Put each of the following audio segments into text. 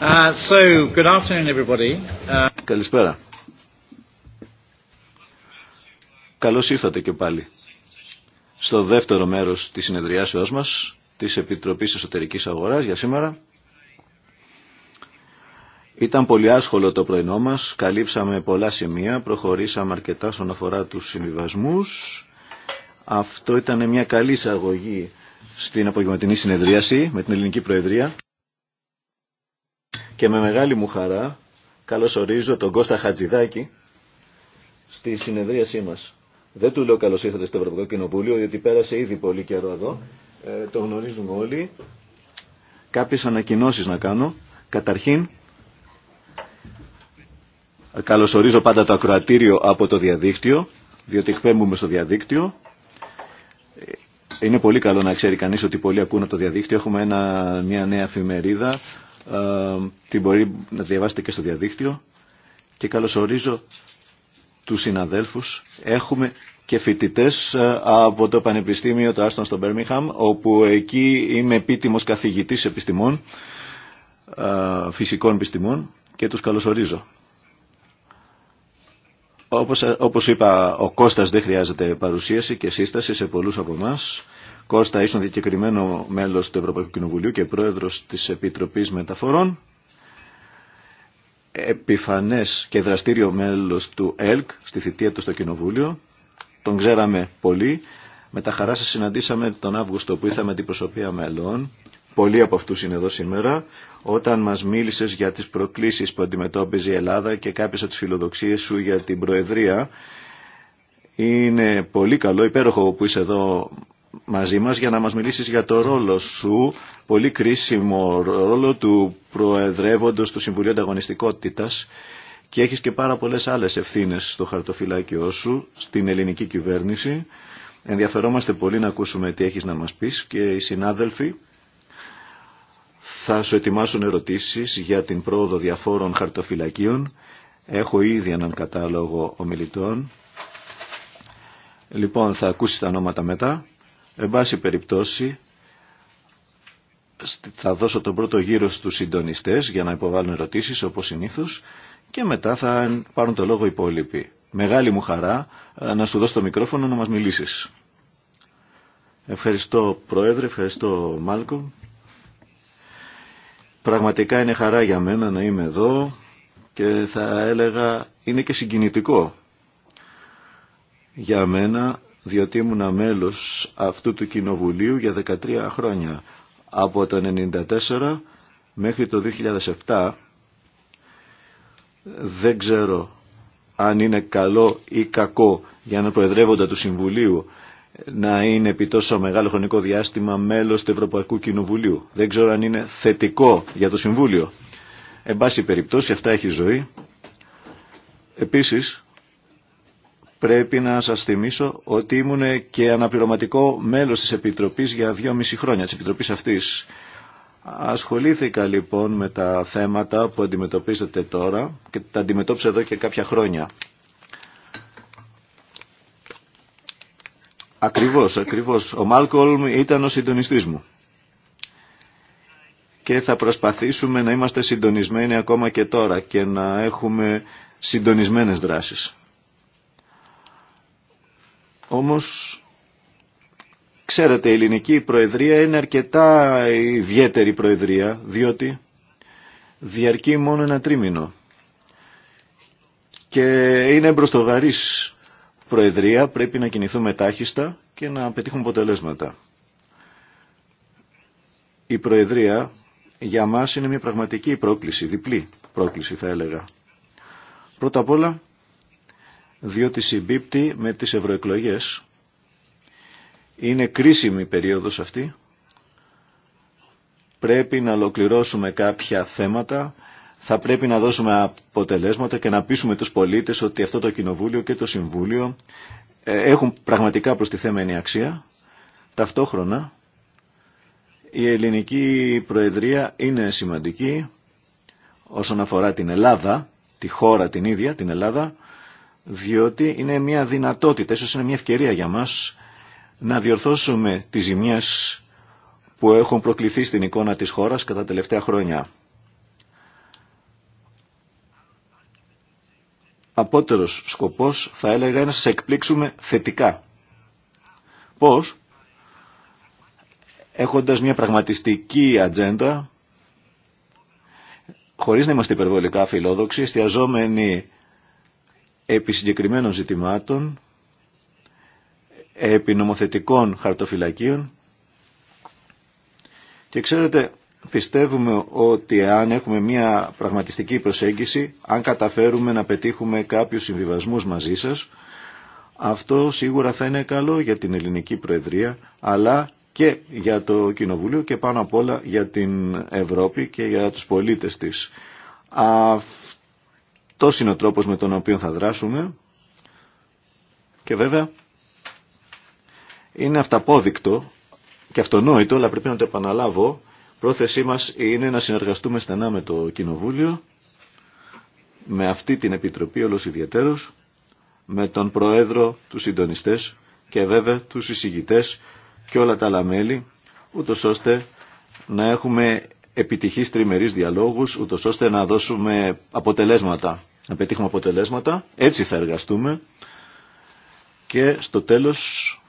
Uh, uh, Καλησπέρα. Καλώς ήρθατε και πάλι στο δεύτερο μέρος της συνεδριάσεώς μας της Επιτροπής Εσωτερικής Αγοράς για σήμερα. Ήταν πολύ άσχολο το πρωινό μας, καλύψαμε πολλά σημεία, προχωρήσαμε αρκετά στον αφορά τους συμβιβασμούς. Αυτό ήταν μια καλή εισαγωγή στην απογευματινή συνεδρίαση με την Ελληνική Προεδρία και με μεγάλη μου χαρά καλωσορίζω τον Κώστα Χατζηδάκη στη συνεδρίασή μας. Δεν του λέω καλώς ήρθατε στο Ευρωπαϊκό Κοινοβούλιο, γιατί πέρασε ήδη πολύ καιρό εδώ. Ε, το γνωρίζουμε όλοι. Κάποιες ανακοινώσεις να κάνω. Καταρχήν, καλωσορίζω πάντα το ακροατήριο από το διαδίκτυο, διότι εκπέμπουμε στο διαδίκτυο. Ε, είναι πολύ καλό να ξέρει κανείς ότι πολλοί ακούν το διαδίκτυο. Έχουμε ένα, μια νέα εφημερίδα την μπορεί να διαβάσετε και στο διαδίκτυο και καλωσορίζω τους συναδέλφους. Έχουμε και φοιτητέ ε, από το Πανεπιστήμιο του Άστον στο Μπέρμιχαμ, όπου εκεί είμαι επίτιμος καθηγητής επιστημών, ε, φυσικών επιστημών και τους καλωσορίζω. Όπως, ε, όπως είπα, ο Κώστας δεν χρειάζεται παρουσίαση και σύσταση σε πολλούς από εμάς. Κώστα ήσουν διεκεκριμένο μέλος του Ευρωπαϊκού Κοινοβουλίου και πρόεδρος της Επιτροπής Μεταφορών, επιφανές και δραστήριο μέλος του ΕΛΚ στη θητεία του στο Κοινοβούλιο. Τον ξέραμε πολύ. Με τα χαρά σας συναντήσαμε τον Αύγουστο που ήρθαμε την προσωπία μελών. Πολλοί από αυτούς είναι εδώ σήμερα. Όταν μας μίλησες για τις προκλήσεις που αντιμετώπιζε η Ελλάδα και κάποιες από τις φιλοδοξίες σου για την Προεδρία, είναι πολύ καλό, υπέροχο που είσαι εδώ μαζί μας για να μας μιλήσεις για το ρόλο σου, πολύ κρίσιμο ρόλο του Προεδρεύοντος του Συμβουλίου Ανταγωνιστικότητας και έχεις και πάρα πολλές άλλες ευθύνες στο χαρτοφυλάκιό σου, στην ελληνική κυβέρνηση. Ενδιαφερόμαστε πολύ να ακούσουμε τι έχεις να μας πεις και οι συνάδελφοι θα σου ετοιμάσουν ερωτήσεις για την πρόοδο διαφόρων χαρτοφυλακίων. Έχω ήδη έναν κατάλογο ομιλητών. Λοιπόν, θα ακούσεις τα ονόματα μετά. Εν πάση περιπτώσει, θα δώσω τον πρώτο γύρο στους συντονιστές για να υποβάλουν ερωτήσεις όπως συνήθως και μετά θα πάρουν το λόγο οι υπόλοιποι. Μεγάλη μου χαρά ε, να σου δώσω το μικρόφωνο να μας μιλήσεις. Ευχαριστώ Πρόεδρε, ευχαριστώ Μάλκο. Πραγματικά είναι χαρά για μένα να είμαι εδώ και θα έλεγα είναι και συγκινητικό για μένα διότι ήμουν μέλος αυτού του κοινοβουλίου για 13 χρόνια. Από το 1994 μέχρι το 2007 δεν ξέρω αν είναι καλό ή κακό για να προεδρεύοντα του Συμβουλίου να είναι επί τόσο μεγάλο χρονικό διάστημα μέλος του Ευρωπαϊκού Κοινοβουλίου. Δεν ξέρω αν είναι θετικό για το Συμβούλιο. Εν πάση περιπτώσει αυτά έχει ζωή. Επίσης Πρέπει να σας θυμίσω ότι ήμουν και αναπληρωματικό μέλος της Επιτροπής για δυόμιση χρόνια, της Επιτροπής αυτής. Ασχολήθηκα λοιπόν με τα θέματα που αντιμετωπίζετε τώρα και τα αντιμετώπισα εδώ και κάποια χρόνια. Ακριβώς, ακριβώς. Ο Μάλκολμ ήταν ο συντονιστής μου. Και θα προσπαθήσουμε να είμαστε συντονισμένοι ακόμα και τώρα και να έχουμε συντονισμένες δράσεις. Όμως, ξέρετε, η ελληνική προεδρία είναι αρκετά ιδιαίτερη προεδρία, διότι διαρκεί μόνο ένα τρίμηνο. Και είναι μπροστοβαρής προεδρία, πρέπει να κινηθούμε τάχιστα και να πετύχουμε αποτελέσματα. Η προεδρία για μας είναι μια πραγματική πρόκληση, διπλή πρόκληση θα έλεγα. Πρώτα απ' όλα διότι συμπίπτει με τις ευρωεκλογές. Είναι κρίσιμη η περίοδος αυτή. Πρέπει να ολοκληρώσουμε κάποια θέματα, θα πρέπει να δώσουμε αποτελέσματα και να πείσουμε τους πολίτες ότι αυτό το Κοινοβούλιο και το Συμβούλιο ε, έχουν πραγματικά προστιθέμενη αξία. Ταυτόχρονα η ελληνική προεδρία είναι σημαντική όσον αφορά την Ελλάδα, τη χώρα την ίδια, την Ελλάδα, διότι είναι μια δυνατότητα, ίσως είναι μια ευκαιρία για μας να διορθώσουμε τις ζημίες που έχουν προκληθεί στην εικόνα της χώρας κατά τα τελευταία χρόνια. Απότερος σκοπός θα έλεγα είναι να σε εκπλήξουμε θετικά. Πώς? Έχοντας μια πραγματιστική ατζέντα, χωρίς να είμαστε υπερβολικά φιλόδοξοι, εστιαζόμενοι επί συγκεκριμένων ζητημάτων, επί νομοθετικών χαρτοφυλακίων και ξέρετε πιστεύουμε ότι αν έχουμε μια πραγματιστική προσέγγιση, αν καταφέρουμε να πετύχουμε κάποιους συμβιβασμούς μαζί σας, αυτό σίγουρα θα είναι καλό για την ελληνική προεδρία, αλλά και για το Κοινοβούλιο και πάνω απ' όλα για την Ευρώπη και για τους πολίτες της. Αυτός είναι ο τρόπος με τον οποίο θα δράσουμε και βέβαια είναι αυταπόδεικτο και αυτονόητο, αλλά πρέπει να το επαναλάβω. Πρόθεσή μας είναι να συνεργαστούμε στενά με το Κοινοβούλιο, με αυτή την Επιτροπή όλος ιδιαίτερος, με τον Προέδρο, τους συντονιστές και βέβαια τους εισηγητές και όλα τα άλλα μέλη, ούτως ώστε να έχουμε Επιτυχής τριμερής διαλόγους, ούτως ώστε να δώσουμε αποτελέσματα, να πετύχουμε αποτελέσματα. Έτσι θα εργαστούμε και στο τέλος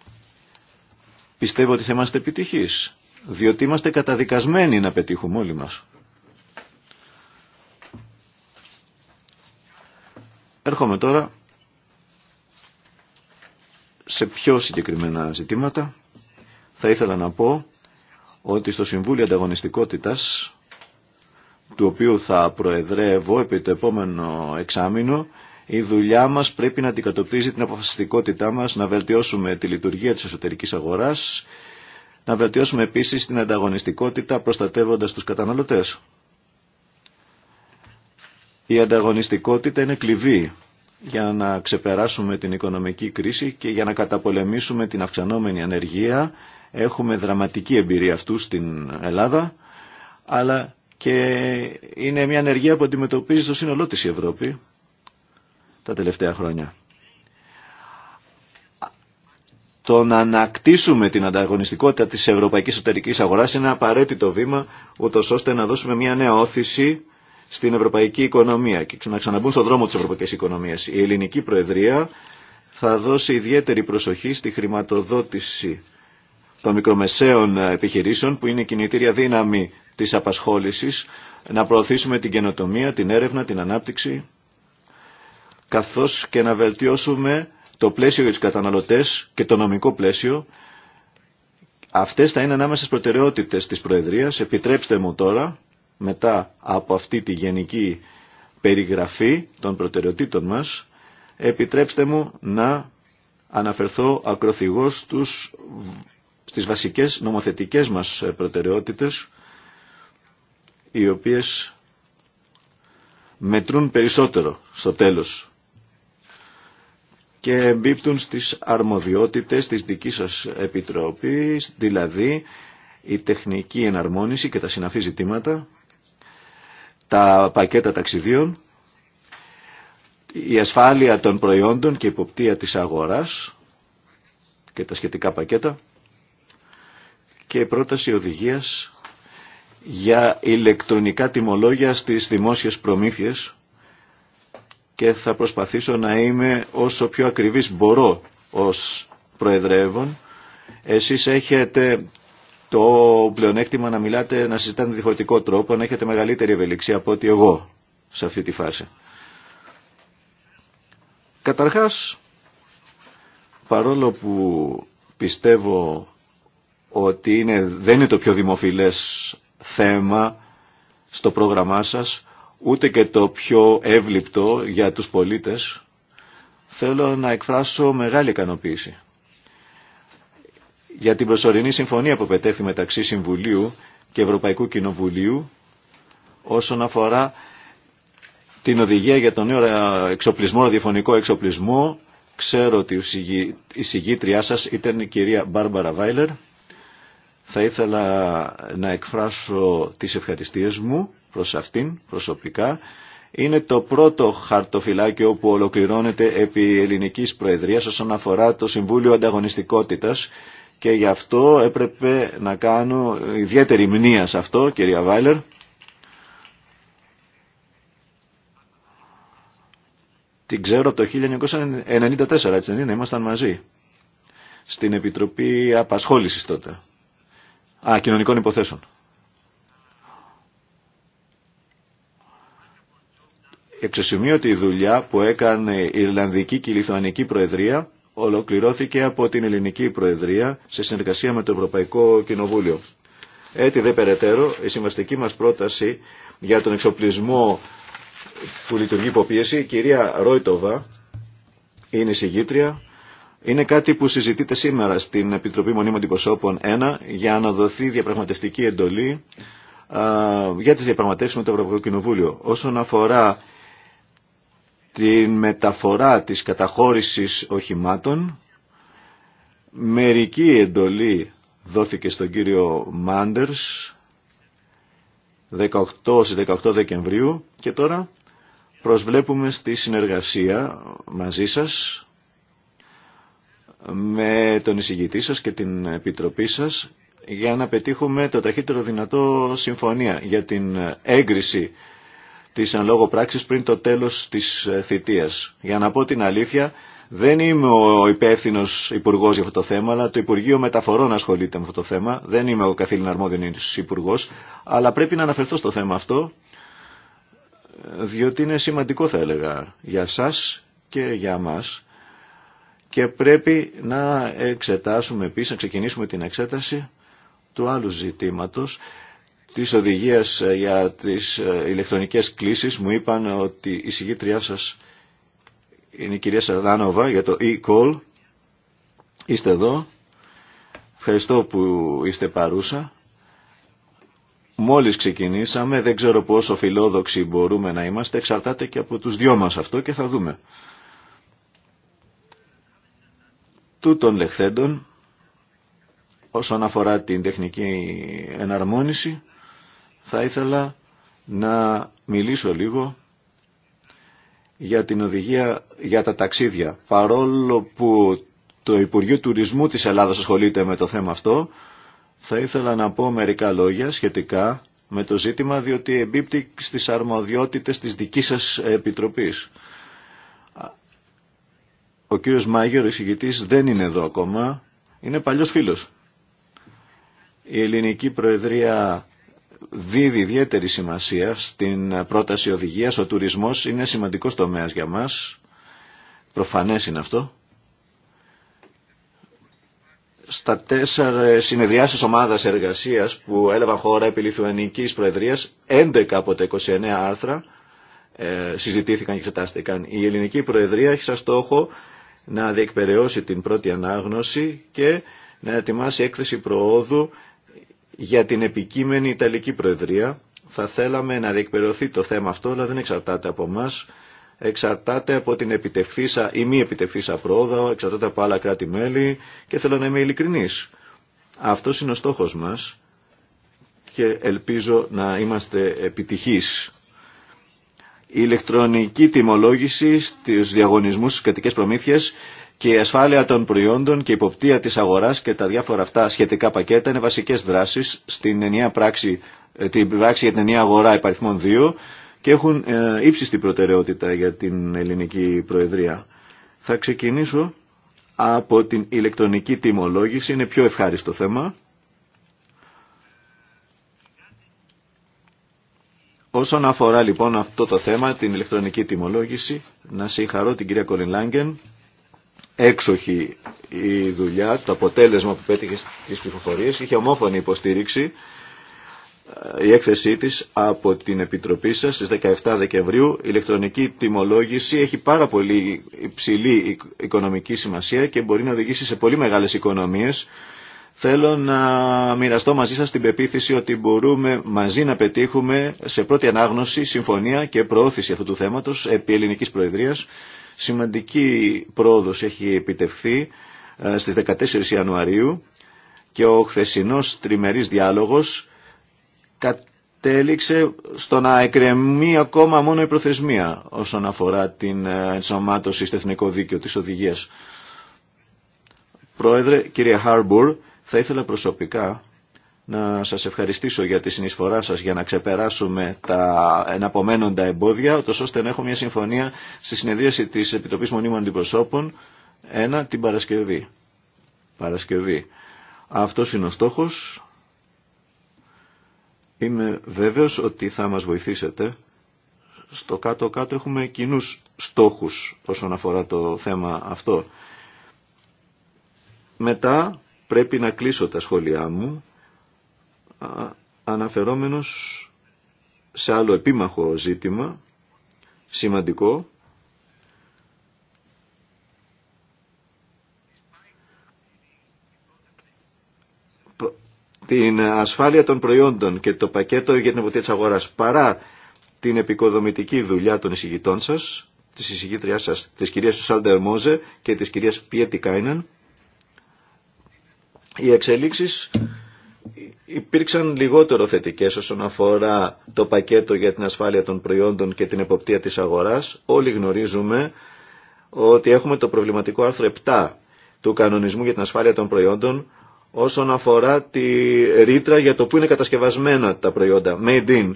πιστεύω ότι θα είμαστε επιτυχείς, διότι είμαστε καταδικασμένοι να πετύχουμε όλοι μας. Έρχομαι τώρα σε πιο συγκεκριμένα ζητήματα. Θα ήθελα να πω ότι στο Συμβούλιο Ανταγωνιστικότητας, του οποίου θα προεδρεύω επί το επόμενο εξάμεινο, η δουλειά μας πρέπει να αντικατοπτρίζει την αποφασιστικότητά μας να βελτιώσουμε τη λειτουργία της εσωτερικής αγοράς, να βελτιώσουμε επίσης την ανταγωνιστικότητα προστατεύοντας τους καταναλωτές. Η ανταγωνιστικότητα είναι κλειδί για να ξεπεράσουμε την οικονομική κρίση και για να καταπολεμήσουμε την αυξανόμενη ανεργία Έχουμε δραματική εμπειρία αυτού στην Ελλάδα, αλλά και είναι μια ενεργεία που αντιμετωπίζει στο σύνολό της η Ευρώπη τα τελευταία χρόνια. Το να ανακτήσουμε την ανταγωνιστικότητα της ευρωπαϊκής εσωτερικής αγοράς είναι ένα απαραίτητο βήμα, ώστε να δώσουμε μια νέα όθηση στην ευρωπαϊκή οικονομία και να ξαναμπούν στον δρόμο της ευρωπαϊκής οικονομίας. Η ελληνική προεδρία θα δώσει ιδιαίτερη προσοχή στη χρηματοδότηση των μικρομεσαίων ε, επιχειρήσεων που είναι η κινητήρια δύναμη της απασχόλησης, να προωθήσουμε την καινοτομία, την έρευνα, την ανάπτυξη, καθώς και να βελτιώσουμε το πλαίσιο για τους καταναλωτές και το νομικό πλαίσιο. Αυτές θα είναι ανάμεσα στις προτεραιότητες της Προεδρίας. Επιτρέψτε μου τώρα, μετά από αυτή τη γενική περιγραφή των προτεραιοτήτων μας, επιτρέψτε μου να αναφερθώ ακροθυγώς στους στις βασικές νομοθετικές μας ε, προτεραιότητες, οι οποίες μετρούν περισσότερο στο τέλος και εμπίπτουν στις αρμοδιότητες της δικής σας επιτροπής, δηλαδή η τεχνική εναρμόνιση και τα συναφή ζητήματα, τα πακέτα ταξιδίων, η ασφάλεια των προϊόντων και η υποπτία της αγοράς και τα σχετικά πακέτα, και πρόταση οδηγίας για ηλεκτρονικά τιμολόγια στις δημόσιες προμήθειες και θα προσπαθήσω να είμαι όσο πιο ακριβής μπορώ ως Προεδρεύων. Εσείς έχετε το πλεονέκτημα να μιλάτε, να συζητάτε με διαφορετικό τρόπο, να έχετε μεγαλύτερη ευελιξία από ότι εγώ σε αυτή τη φάση. Καταρχάς, παρόλο που πιστεύω ότι είναι, δεν είναι το πιο δημοφιλές θέμα στο πρόγραμμά σας, ούτε και το πιο εύληπτο για τους πολίτες, θέλω να εκφράσω μεγάλη ικανοποίηση. Για την προσωρινή συμφωνία που πετέχθη μεταξύ Συμβουλίου και Ευρωπαϊκού Κοινοβουλίου όσον αφορά την οδηγία για τον νέο εξοπλισμό, ραδιοφωνικό εξοπλισμό, ξέρω ότι η συγγήτριά σας ήταν η κυρία Μπάρμπαρα Βάιλερ θα ήθελα να εκφράσω τις ευχαριστίες μου προς αυτήν προσωπικά. Είναι το πρώτο χαρτοφυλάκιο που ολοκληρώνεται επί ελληνικής προεδρίας όσον αφορά το Συμβούλιο Ανταγωνιστικότητας και γι' αυτό έπρεπε να κάνω ιδιαίτερη μνήμα σε αυτό, κυρία Βάιλερ. Την ξέρω το 1994, έτσι δεν είναι, ήμασταν μαζί. Στην Επιτροπή Απασχόλησης τότε. Α, κοινωνικών υποθέσεων. Εξωσημείωτη η δουλειά που έκανε η Ιρλανδική και η Λιθουανική Προεδρία ολοκληρώθηκε από την Ελληνική Προεδρία σε συνεργασία με το Ευρωπαϊκό Κοινοβούλιο. Έτσι δε περαιτέρω η συμβαστική μας πρόταση για τον εξοπλισμό που λειτουργεί υποπίεση, η κυρία Ρόιτοβα είναι η συγγήτρια είναι κάτι που συζητείται σήμερα στην Επιτροπή Μονίμων Αντιπροσώπων 1 για να δοθεί διαπραγματευτική εντολή για τις διαπραγματεύσεις με το Ευρωπαϊκό Κοινοβούλιο. Όσον αφορά την μεταφορά της καταχώρησης οχημάτων, μερική εντολή δόθηκε στον κύριο Μάντερς 18 18 Δεκεμβρίου και τώρα προσβλέπουμε στη συνεργασία μαζί σας με τον εισηγητή σας και την επιτροπή σας για να πετύχουμε το ταχύτερο δυνατό συμφωνία για την έγκριση της εν λόγω πράξης πριν το τέλος της θητείας. Για να πω την αλήθεια, δεν είμαι ο υπεύθυνο υπουργό για αυτό το θέμα, αλλά το Υπουργείο Μεταφορών ασχολείται με αυτό το θέμα. Δεν είμαι ο καθήλυνα αρμόδιο υπουργό, αλλά πρέπει να αναφερθώ στο θέμα αυτό, διότι είναι σημαντικό θα έλεγα για εσά και για μας και πρέπει να εξετάσουμε επίσης, να ξεκινήσουμε την εξέταση του άλλου ζητήματος της οδηγίας ε, για τις ε, ηλεκτρονικές κλήσεις. Μου είπαν ότι η συγγήτριά σας είναι η κυρία Σαρδάνοβα για το e-call. Είστε εδώ. Ευχαριστώ που είστε παρούσα. Μόλις ξεκινήσαμε, δεν ξέρω πόσο φιλόδοξοι μπορούμε να είμαστε, εξαρτάται και από τους δυο μας αυτό και θα δούμε. Τούτων λεχθέντων, όσον αφορά την τεχνική εναρμόνιση, θα ήθελα να μιλήσω λίγο για την οδηγία για τα ταξίδια. Παρόλο που το Υπουργείο Τουρισμού της Ελλάδας ασχολείται με το θέμα αυτό, θα ήθελα να πω μερικά λόγια σχετικά με το ζήτημα, διότι εμπίπτει στις αρμοδιότητες της δικής σας Επιτροπής. Ο κύριος Μάγιο ο εισηγητής, δεν είναι εδώ ακόμα. Είναι παλιός φίλος. Η ελληνική προεδρία δίδει ιδιαίτερη σημασία στην πρόταση οδηγίας. Ο τουρισμός είναι σημαντικός τομέας για μας. Προφανές είναι αυτό. Στα τέσσερα συνεδριάσεις ομάδας εργασίας που έλαβαν χώρα επί Λιθουανικής Προεδρίας, 11 από τα 29 άρθρα ε, συζητήθηκαν και εξετάστηκαν. Η Ελληνική Προεδρία έχει σαν στόχο να διεκπαιρεώσει την πρώτη ανάγνωση και να ετοιμάσει έκθεση προόδου για την επικείμενη Ιταλική Προεδρία. Θα θέλαμε να διεκπαιρεωθεί το θέμα αυτό, αλλά δεν εξαρτάται από εμά. Εξαρτάται από την επιτευχθήσα ή μη επιτευχθήσα πρόοδο, εξαρτάται από άλλα κράτη-μέλη και θέλω να είμαι ειλικρινή. Αυτό είναι ο στόχο μας και ελπίζω να είμαστε επιτυχείς η ηλεκτρονική τιμολόγηση στους διαγωνισμούς στις κρατικές προμήθειες και η ασφάλεια των προϊόντων και η υποπτία της αγοράς και τα διάφορα αυτά σχετικά πακέτα είναι βασικές δράσεις στην ενιαία πράξη, ε, την πράξη για την ενιαία αγορά υπαριθμών 2 και έχουν ε, ύψιστη προτεραιότητα για την ελληνική προεδρία. Θα ξεκινήσω από την ηλεκτρονική τιμολόγηση, είναι πιο ευχάριστο θέμα. Όσον αφορά λοιπόν αυτό το θέμα, την ηλεκτρονική τιμολόγηση, να συγχαρώ την κυρία Κολιν Λάγκεν. Έξοχη η δουλειά, το αποτέλεσμα που πέτυχε στις ψηφοφορίες, είχε ομόφωνη υποστήριξη ε, η έκθεσή της από την Επιτροπή σας στις 17 Δεκεμβρίου. Η ηλεκτρονική τιμολόγηση έχει πάρα πολύ υψηλή οικονομική σημασία και μπορεί να οδηγήσει σε πολύ μεγάλες οικονομίες Θέλω να μοιραστώ μαζί σας την πεποίθηση ότι μπορούμε μαζί να πετύχουμε σε πρώτη ανάγνωση συμφωνία και προώθηση αυτού του θέματος επί ελληνικής προεδρίας. Σημαντική πρόοδος έχει επιτευχθεί ε, στις 14 Ιανουαρίου και ο χθεσινός τριμερής διάλογος κατέληξε στο να εκρεμεί ακόμα μόνο η προθεσμία όσον αφορά την ε, ενσωμάτωση στο εθνικό δίκαιο της οδηγίας. Πρόεδρε, κύριε Χάρμπουρ, θα ήθελα προσωπικά να σας ευχαριστήσω για τη συνεισφορά σας για να ξεπεράσουμε τα εναπομένοντα εμπόδια, ώστε να έχω μια συμφωνία στη συνεδρίαση της Επιτροπής Μονίμων Αντιπροσώπων, ένα την Παρασκευή. Παρασκευή. Αυτός είναι ο στόχος. Είμαι βέβαιος ότι θα μας βοηθήσετε. Στο κάτω-κάτω έχουμε κοινού στόχους όσον αφορά το θέμα αυτό. Μετά πρέπει να κλείσω τα σχόλιά μου αναφερόμενος σε άλλο επίμαχο ζήτημα, σημαντικό, την ασφάλεια των προϊόντων και το πακέτο για την εποπτεία της αγοράς παρά την επικοδομητική δουλειά των εισηγητών σας, της εισηγήτριάς σας, της κυρίας Σάλντερ Μόζε και της κυρίας Πιέτη Κάιναν, οι εξελίξεις υπήρξαν λιγότερο θετικές όσον αφορά το πακέτο για την ασφάλεια των προϊόντων και την εποπτεία της αγοράς. Όλοι γνωρίζουμε ότι έχουμε το προβληματικό άρθρο 7 του κανονισμού για την ασφάλεια των προϊόντων όσον αφορά τη ρήτρα για το που είναι κατασκευασμένα τα προϊόντα, made in,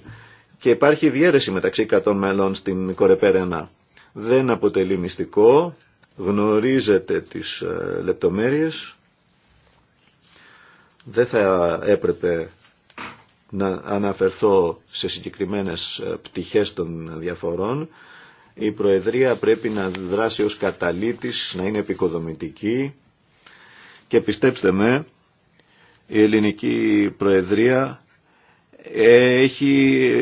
και υπάρχει διαίρεση μεταξύ κρατών μελών στην Κορεπέρα 1. Δεν αποτελεί μυστικό, γνωρίζετε τις ε, λεπτομέρειες δεν θα έπρεπε να αναφερθώ σε συγκεκριμένες ε, πτυχές των διαφορών. Η Προεδρία πρέπει να δράσει ως καταλήτης, να είναι επικοδομητική και πιστέψτε με, η Ελληνική Προεδρία έχει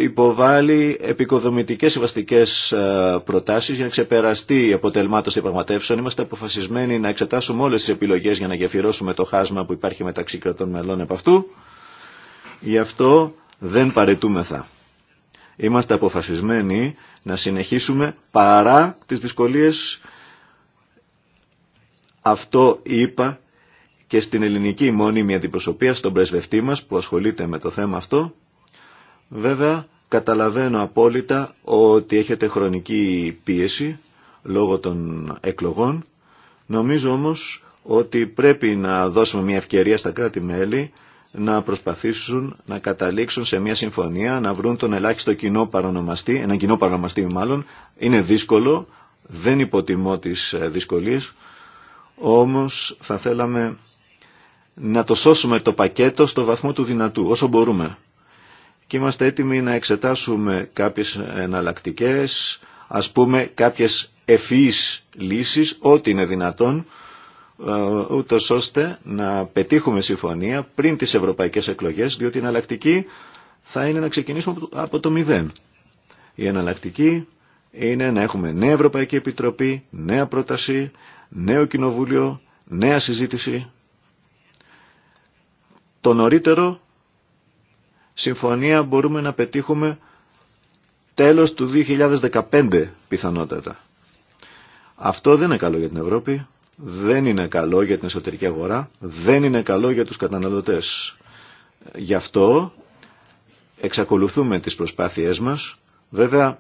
υποβάλει επικοδομητικές συμβαστικές ε, προτάσεις για να ξεπεραστεί η αποτελμάτωση διαπραγματεύσεων. Είμαστε αποφασισμένοι να εξετάσουμε όλες τις επιλογές για να γεφυρώσουμε το χάσμα που υπάρχει μεταξύ κρατών μελών επ' αυτού. Γι' αυτό δεν παρετούμεθα. Είμαστε αποφασισμένοι να συνεχίσουμε παρά τις δυσκολίες. Αυτό είπα και στην ελληνική μόνιμη αντιπροσωπεία στον πρεσβευτή μας που ασχολείται με το θέμα αυτό Βέβαια, καταλαβαίνω απόλυτα ότι έχετε χρονική πίεση λόγω των εκλογών. Νομίζω όμως ότι πρέπει να δώσουμε μια ευκαιρία στα κράτη-μέλη να προσπαθήσουν να καταλήξουν σε μια συμφωνία, να βρουν τον ελάχιστο κοινό παρανομαστή, έναν κοινό παρανομαστή μάλλον. Είναι δύσκολο, δεν υποτιμώ τις ε, δυσκολίες, όμως θα θέλαμε να το σώσουμε το πακέτο στο βαθμό του δυνατού, όσο μπορούμε και είμαστε έτοιμοι να εξετάσουμε κάποιες εναλλακτικέ, ας πούμε κάποιες ευφυείς λύσεις, ό,τι είναι δυνατόν, ε, ούτω ώστε να πετύχουμε συμφωνία πριν τις ευρωπαϊκές εκλογές, διότι η εναλλακτική θα είναι να ξεκινήσουμε από το μηδέν. Η εναλλακτική είναι να έχουμε νέα Ευρωπαϊκή Επιτροπή, νέα πρόταση, νέο κοινοβούλιο, νέα συζήτηση. Το νωρίτερο συμφωνία μπορούμε να πετύχουμε τέλος του 2015 πιθανότατα. Αυτό δεν είναι καλό για την Ευρώπη, δεν είναι καλό για την εσωτερική αγορά, δεν είναι καλό για τους καταναλωτές. Γι' αυτό εξακολουθούμε τις προσπάθειές μας. Βέβαια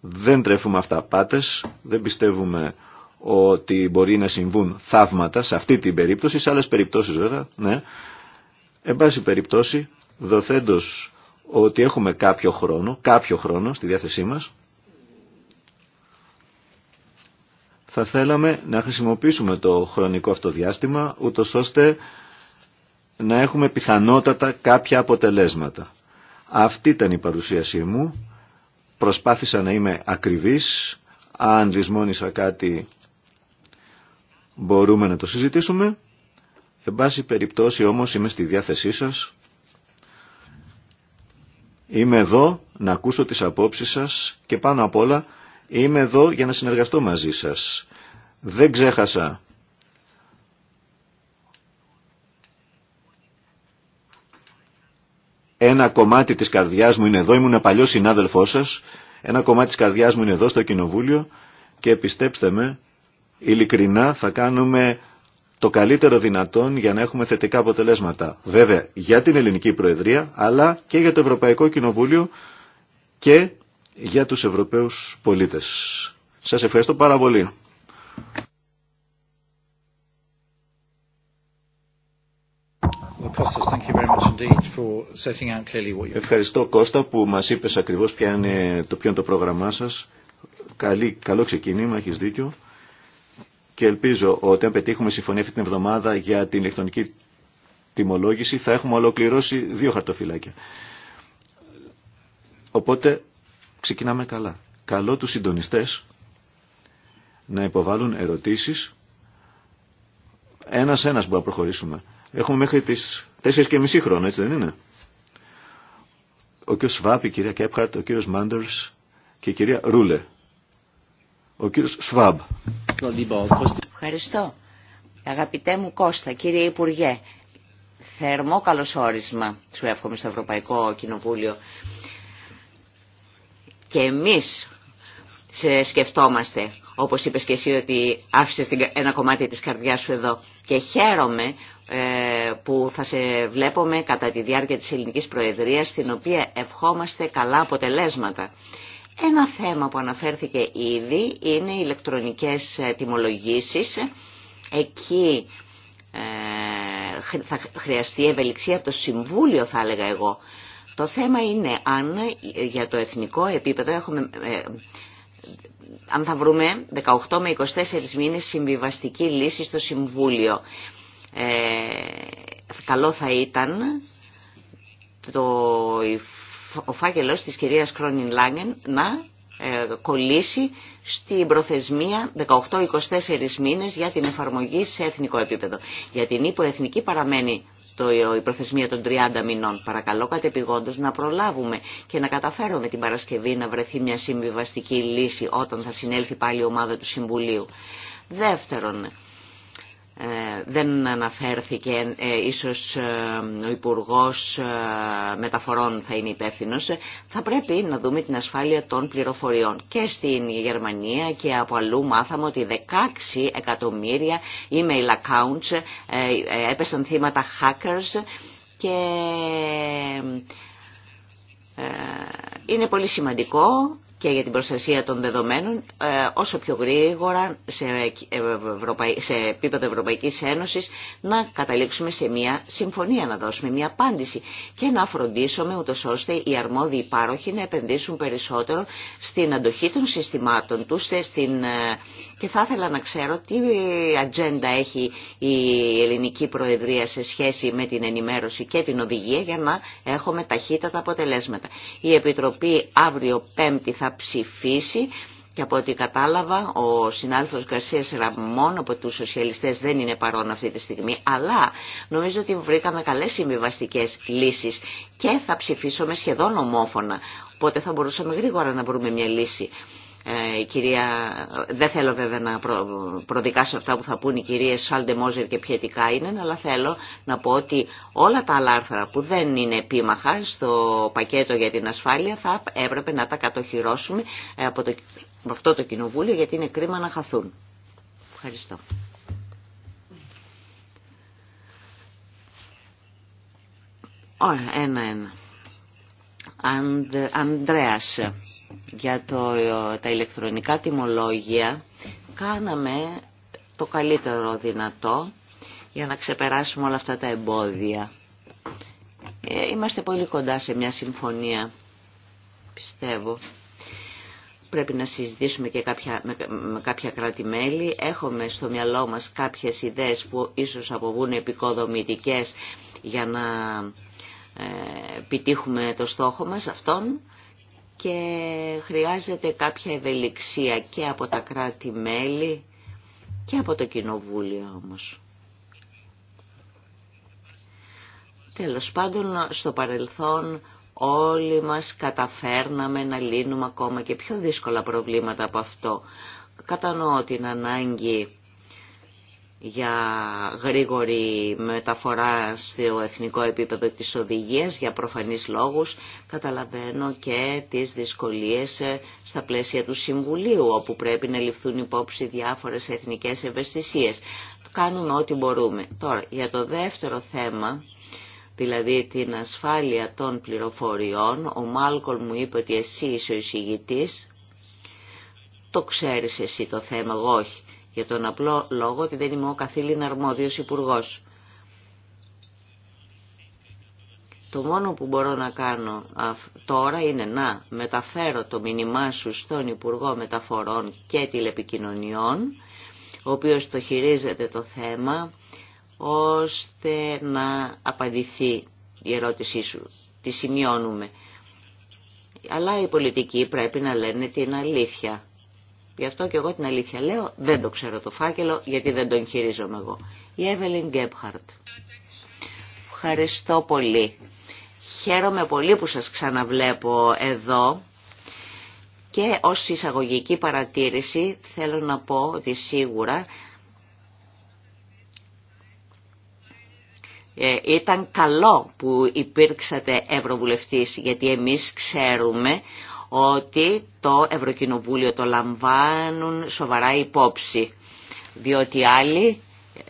δεν τρέφουμε αυτά πάτες, δεν πιστεύουμε ότι μπορεί να συμβούν θαύματα σε αυτή την περίπτωση, σε άλλες περιπτώσεις βέβαια, ναι. Εν πάση περιπτώσει δοθέντος ότι έχουμε κάποιο χρόνο, κάποιο χρόνο στη διάθεσή μας, θα θέλαμε να χρησιμοποιήσουμε το χρονικό αυτό διάστημα, ούτως ώστε να έχουμε πιθανότατα κάποια αποτελέσματα. Αυτή ήταν η παρουσίασή μου. Προσπάθησα να είμαι ακριβής. Αν λησμόνισα κάτι μπορούμε να το συζητήσουμε. Εν πάση περιπτώσει όμως είμαι στη διάθεσή σας Είμαι εδώ να ακούσω τις απόψεις σας και πάνω απ' όλα είμαι εδώ για να συνεργαστώ μαζί σας. Δεν ξέχασα ένα κομμάτι της καρδιάς μου είναι εδώ, ήμουν παλιό συνάδελφό σας, ένα κομμάτι της καρδιάς μου είναι εδώ στο κοινοβούλιο και πιστέψτε με, ειλικρινά θα κάνουμε το καλύτερο δυνατόν για να έχουμε θετικά αποτελέσματα. Βέβαια για την Ελληνική Προεδρία αλλά και για το Ευρωπαϊκό Κοινοβούλιο και για τους Ευρωπαίους πολίτες. Σας ευχαριστώ πάρα πολύ. Ευχαριστώ Κώστα που μας είπες ακριβώς το, ποιο είναι το πρόγραμμά σας. καλό ξεκίνημα, έχεις δίκιο και ελπίζω ότι αν πετύχουμε συμφωνία αυτή την εβδομάδα για την ηλεκτρονική τιμολόγηση θα έχουμε ολοκληρώσει δύο χαρτοφυλάκια. Οπότε ξεκινάμε καλά. Καλό τους συντονιστές να υποβάλουν ερωτήσεις. Ένας-ένας μπορούμε να προχωρήσουμε. Έχουμε μέχρι τις μισή χρόνο, έτσι δεν είναι. Ο κ. Σβάπη, η κυρία Κέπχαρτ, ο κ. Μάντερς και η κυρία Ρούλε. Ο κύριος Σβάμπ. Ευχαριστώ. Αγαπητέ μου Κώστα, κύριε Υπουργέ, θερμό καλωσόρισμα σου εύχομαι στο Ευρωπαϊκό Κοινοβούλιο. Και εμείς σε σκεφτόμαστε, όπως είπες και εσύ ότι άφησες ένα κομμάτι της καρδιάς σου εδώ και χαίρομαι ε, που θα σε βλέπουμε κατά τη διάρκεια της ελληνικής προεδρίας, στην οποία ευχόμαστε καλά αποτελέσματα. Ένα θέμα που αναφέρθηκε ήδη είναι οι ηλεκτρονικές τιμολογήσεις. Εκεί ε, θα χρειαστεί ευελιξία από το Συμβούλιο θα έλεγα εγώ. Το θέμα είναι αν για το εθνικό επίπεδο έχουμε, ε, αν θα βρούμε 18 με 24 μήνες συμβιβαστική λύση στο Συμβούλιο. Ε, καλό θα ήταν το ο φάκελος της κυρίας Κρόνιν Λάγκεν να ε, κολλήσει στην προθεσμία 18-24 μήνες για την εφαρμογή σε εθνικό επίπεδο. Για την υποεθνική παραμένει το, η προθεσμία των 30 μηνών. Παρακαλώ κατεπηγόντως να προλάβουμε και να καταφέρουμε την Παρασκευή να βρεθεί μια συμβιβαστική λύση όταν θα συνέλθει πάλι η ομάδα του Συμβουλίου. Δεύτερον, ε, δεν αναφέρθηκε, ε, ίσως ε, ο Υπουργός Μεταφορών θα είναι υπεύθυνος, θα πρέπει να δούμε την ασφάλεια των πληροφοριών. Και στην Γερμανία και από αλλού μάθαμε ότι 16 εκατομμύρια email accounts έπεσαν θύματα hackers και είναι πολύ σημαντικό και για την προστασία των δεδομένων ε, όσο πιο γρήγορα σε, ε, σε επίπεδο Ευρωπαϊκής Ένωσης να καταλήξουμε σε μια συμφωνία, να δώσουμε μια απάντηση και να φροντίσουμε ούτω ώστε οι αρμόδιοι πάροχοι να επενδύσουν περισσότερο στην αντοχή των συστημάτων τους, στην ε, και θα ήθελα να ξέρω τι ατζέντα έχει η ελληνική προεδρία σε σχέση με την ενημέρωση και την οδηγία για να έχουμε ταχύτατα αποτελέσματα. Η Επιτροπή αύριο Πέμπτη θα ψηφίσει και από ό,τι κατάλαβα ο συνάδελφος Γκαρσία Ραμμόν από τους σοσιαλιστές δεν είναι παρόν αυτή τη στιγμή αλλά νομίζω ότι βρήκαμε καλές συμβιβαστικέ λύσεις και θα ψηφίσουμε σχεδόν ομόφωνα οπότε θα μπορούσαμε γρήγορα να βρούμε μια λύση. Ε, κυρία, δεν θέλω βέβαια να προδικάσω αυτά που θα πούν οι κυρίες Σάλντε Μόζερ και ποιετικά είναι, αλλά θέλω να πω ότι όλα τα άλλα άρθρα που δεν είναι επίμαχα στο πακέτο για την ασφάλεια θα έπρεπε να τα κατοχυρώσουμε από αυτό το κοινοβούλιο γιατί είναι κρίμα να χαθούν. Ευχαριστώ. Ωραία, ένα-ένα. Ανδρέας για το, τα ηλεκτρονικά τιμολόγια κάναμε το καλύτερο δυνατό για να ξεπεράσουμε όλα αυτά τα εμπόδια. Ε, είμαστε πολύ κοντά σε μια συμφωνία, πιστεύω. Πρέπει να συζητήσουμε και κάποια, με, κάποια κράτη-μέλη. Έχουμε στο μυαλό μας κάποιες ιδέες που ίσως αποβούν επικοδομητικές για να ε, επιτύχουμε το στόχο μας αυτόν και χρειάζεται κάποια ευελιξία και από τα κράτη-μέλη και από το Κοινοβούλιο όμως. Τέλος πάντων, στο παρελθόν όλοι μας καταφέρναμε να λύνουμε ακόμα και πιο δύσκολα προβλήματα από αυτό. Κατανοώ την ανάγκη για γρήγορη μεταφορά στο εθνικό επίπεδο της οδηγίας για προφανείς λόγους. Καταλαβαίνω και τις δυσκολίες ε, στα πλαίσια του Συμβουλίου όπου πρέπει να ληφθούν υπόψη διάφορες εθνικές ευαισθησίες. κάνουν ό,τι μπορούμε. Τώρα, για το δεύτερο θέμα, δηλαδή την ασφάλεια των πληροφοριών, ο Μάλκολ μου είπε ότι εσύ είσαι ο εισηγητής, το ξέρεις εσύ το θέμα, εγώ όχι. Για τον απλό λόγο ότι δεν είμαι ο καθήλυνα αρμόδιος υπουργός. Το μόνο που μπορώ να κάνω τώρα είναι να μεταφέρω το μήνυμά σου στον Υπουργό Μεταφορών και Τηλεπικοινωνιών, ο οποίος το χειρίζεται το θέμα, ώστε να απαντηθεί η ερώτησή σου. Τη σημειώνουμε. Αλλά οι πολιτικοί πρέπει να λένε την αλήθεια. Γι' αυτό και εγώ την αλήθεια λέω, δεν το ξέρω το φάκελο, γιατί δεν το εγχειρίζομαι εγώ. Η Εύελιν Γκέπχαρτ. Ευχαριστώ πολύ. Χαίρομαι πολύ που σας ξαναβλέπω εδώ. Και ως εισαγωγική παρατήρηση θέλω να πω ότι σίγουρα ε, ήταν καλό που υπήρξατε Ευρωβουλευτής, γιατί εμείς ξέρουμε ότι το Ευρωκοινοβούλιο το λαμβάνουν σοβαρά υπόψη, διότι άλλοι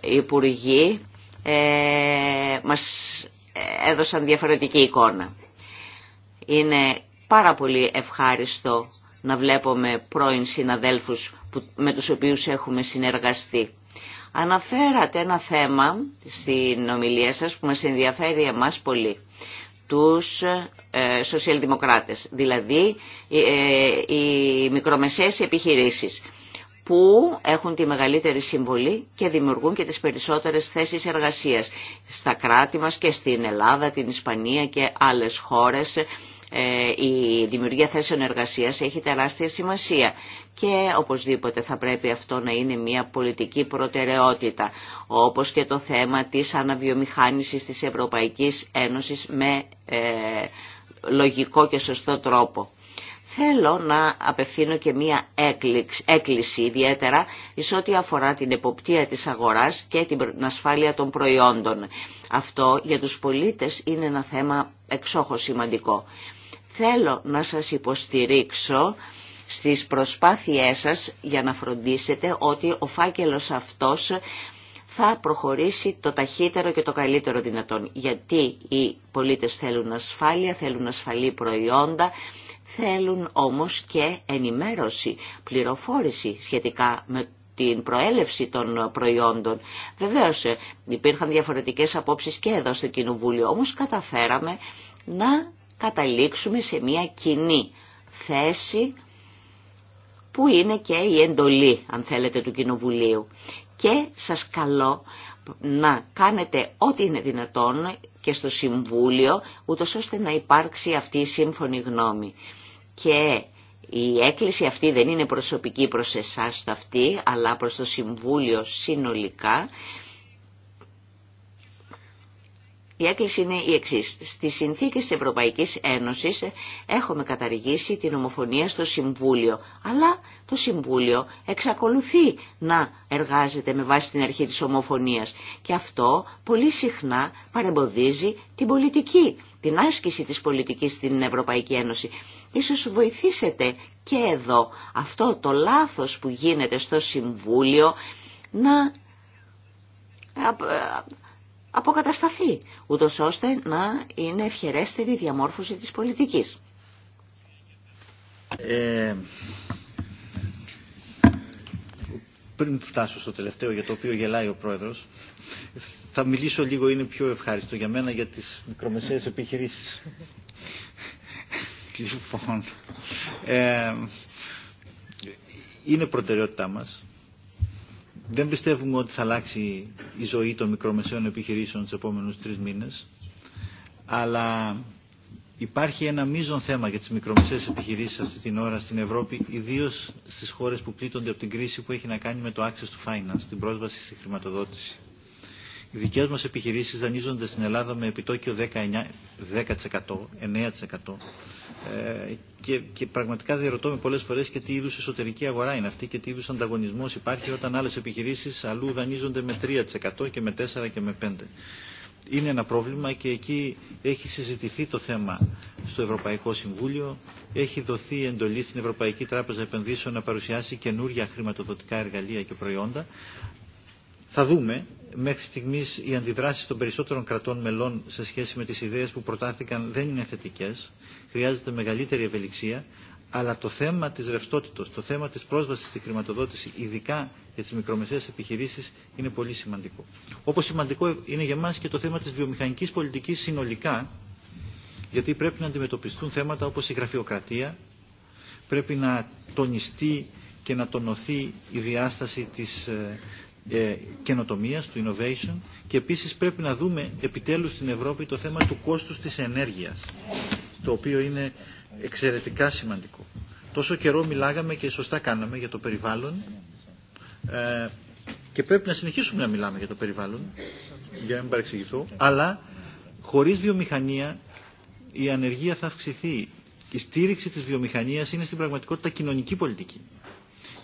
υπουργοί ε, μας έδωσαν διαφορετική εικόνα. Είναι πάρα πολύ ευχάριστο να βλέπουμε πρώην συναδέλφους που, με τους οποίους έχουμε συνεργαστεί. Αναφέρατε ένα θέμα στην ομιλία σας που μας ενδιαφέρει εμάς πολύ τους ε, σοσιαλδημοκράτες, δηλαδή ε, οι μικρομεσαίες επιχειρήσεις που έχουν τη μεγαλύτερη συμβολή και δημιουργούν και τις περισσότερες θέσεις εργασίας στα κράτη μας και στην Ελλάδα, την Ισπανία και άλλες χώρες ε, η δημιουργία θέσεων εργασίας έχει τεράστια σημασία και οπωσδήποτε θα πρέπει αυτό να είναι μια πολιτική προτεραιότητα όπως και το θέμα της αναβιομηχάνησης της Ευρωπαϊκής Ένωσης με ε, λογικό και σωστό τρόπο. Θέλω να απευθύνω και μία έκκληση ιδιαίτερα εις ό,τι αφορά την εποπτεία της αγοράς και την ασφάλεια των προϊόντων. Αυτό για τους πολίτες είναι ένα θέμα εξόχως σημαντικό. Θέλω να σας υποστηρίξω στις προσπάθειές σας για να φροντίσετε ότι ο φάκελος αυτός θα προχωρήσει το ταχύτερο και το καλύτερο δυνατόν. Γιατί οι πολίτες θέλουν ασφάλεια, θέλουν ασφαλή προϊόντα, θέλουν όμως και ενημέρωση, πληροφόρηση σχετικά με την προέλευση των προϊόντων. Βεβαίως υπήρχαν διαφορετικές απόψεις και εδώ στο Κοινοβούλιο, όμως καταφέραμε να καταλήξουμε σε μια κοινή θέση που είναι και η εντολή, αν θέλετε, του Κοινοβουλίου. Και σας καλώ να κάνετε ό,τι είναι δυνατόν και στο Συμβούλιο, ούτω ώστε να υπάρξει αυτή η σύμφωνη γνώμη. Και η έκκληση αυτή δεν είναι προσωπική προς εσάς αυτή, αλλά προς το Συμβούλιο συνολικά, η έκκληση είναι η εξή. Στι συνθήκε τη Ευρωπαϊκή Ένωση έχουμε καταργήσει την ομοφωνία στο Συμβούλιο. Αλλά το Συμβούλιο εξακολουθεί να εργάζεται με βάση την αρχή τη ομοφωνία. Και αυτό πολύ συχνά παρεμποδίζει την πολιτική, την άσκηση τη πολιτική στην Ευρωπαϊκή Ένωση. Ίσως βοηθήσετε και εδώ αυτό το λάθος που γίνεται στο Συμβούλιο να αποκατασταθεί, ούτως ώστε να είναι ευχερέστερη η διαμόρφωση της πολιτικής. Ε, πριν φτάσω στο τελευταίο για το οποίο γελάει ο πρόεδρος, θα μιλήσω λίγο, είναι πιο ευχάριστο για μένα, για τις μικρομεσαίες επιχειρήσεις. λοιπόν, ε, είναι προτεραιότητά μας δεν πιστεύουμε ότι θα αλλάξει η ζωή των μικρομεσαίων επιχειρήσεων του επόμενους τρεις μήνες, αλλά υπάρχει ένα μείζον θέμα για τις μικρομεσαίες επιχειρήσεις αυτή την ώρα στην Ευρώπη, ιδίως στις χώρες που πλήττονται από την κρίση που έχει να κάνει με το access to finance, την πρόσβαση στη χρηματοδότηση. Οι δικέ μα επιχειρήσει δανείζονται στην Ελλάδα με επιτόκιο 19, 10%, 9%. και, και πραγματικά διαρωτώ με πολλέ φορέ και τι είδου εσωτερική αγορά είναι αυτή και τι είδου ανταγωνισμό υπάρχει όταν άλλε επιχειρήσει αλλού δανείζονται με 3% και με 4% και με 5%. Είναι ένα πρόβλημα και εκεί έχει συζητηθεί το θέμα στο Ευρωπαϊκό Συμβούλιο. Έχει δοθεί εντολή στην Ευρωπαϊκή Τράπεζα Επενδύσεων να παρουσιάσει καινούργια χρηματοδοτικά εργαλεία και προϊόντα. Θα δούμε μέχρι στιγμή οι αντιδράσει των περισσότερων κρατών μελών σε σχέση με τι ιδέε που προτάθηκαν δεν είναι θετικέ. Χρειάζεται μεγαλύτερη ευελιξία, αλλά το θέμα τη ρευστότητα, το θέμα της πρόσβασης στη χρηματοδότηση, ειδικά για τι μικρομεσαίες επιχειρήσει είναι πολύ σημαντικό. Όπω σημαντικό είναι για μα και το θέμα τη βιομηχανική πολιτική συνολικά, γιατί πρέπει να αντιμετωπιστούν θέματα όπω η γραφειοκρατία, πρέπει να τονιστεί και να τονωθεί η διάσταση της ε, ε, καινοτομίας, του innovation και επίσης πρέπει να δούμε επιτέλους στην Ευρώπη το θέμα του κόστους της ενέργειας, το οποίο είναι εξαιρετικά σημαντικό. Τόσο καιρό μιλάγαμε και σωστά κάναμε για το περιβάλλον ε, και πρέπει να συνεχίσουμε να μιλάμε για το περιβάλλον, για να μην παρεξηγηθώ, αλλά χωρίς βιομηχανία η ανεργία θα αυξηθεί. Η στήριξη της βιομηχανίας είναι στην πραγματικότητα κοινωνική πολιτική.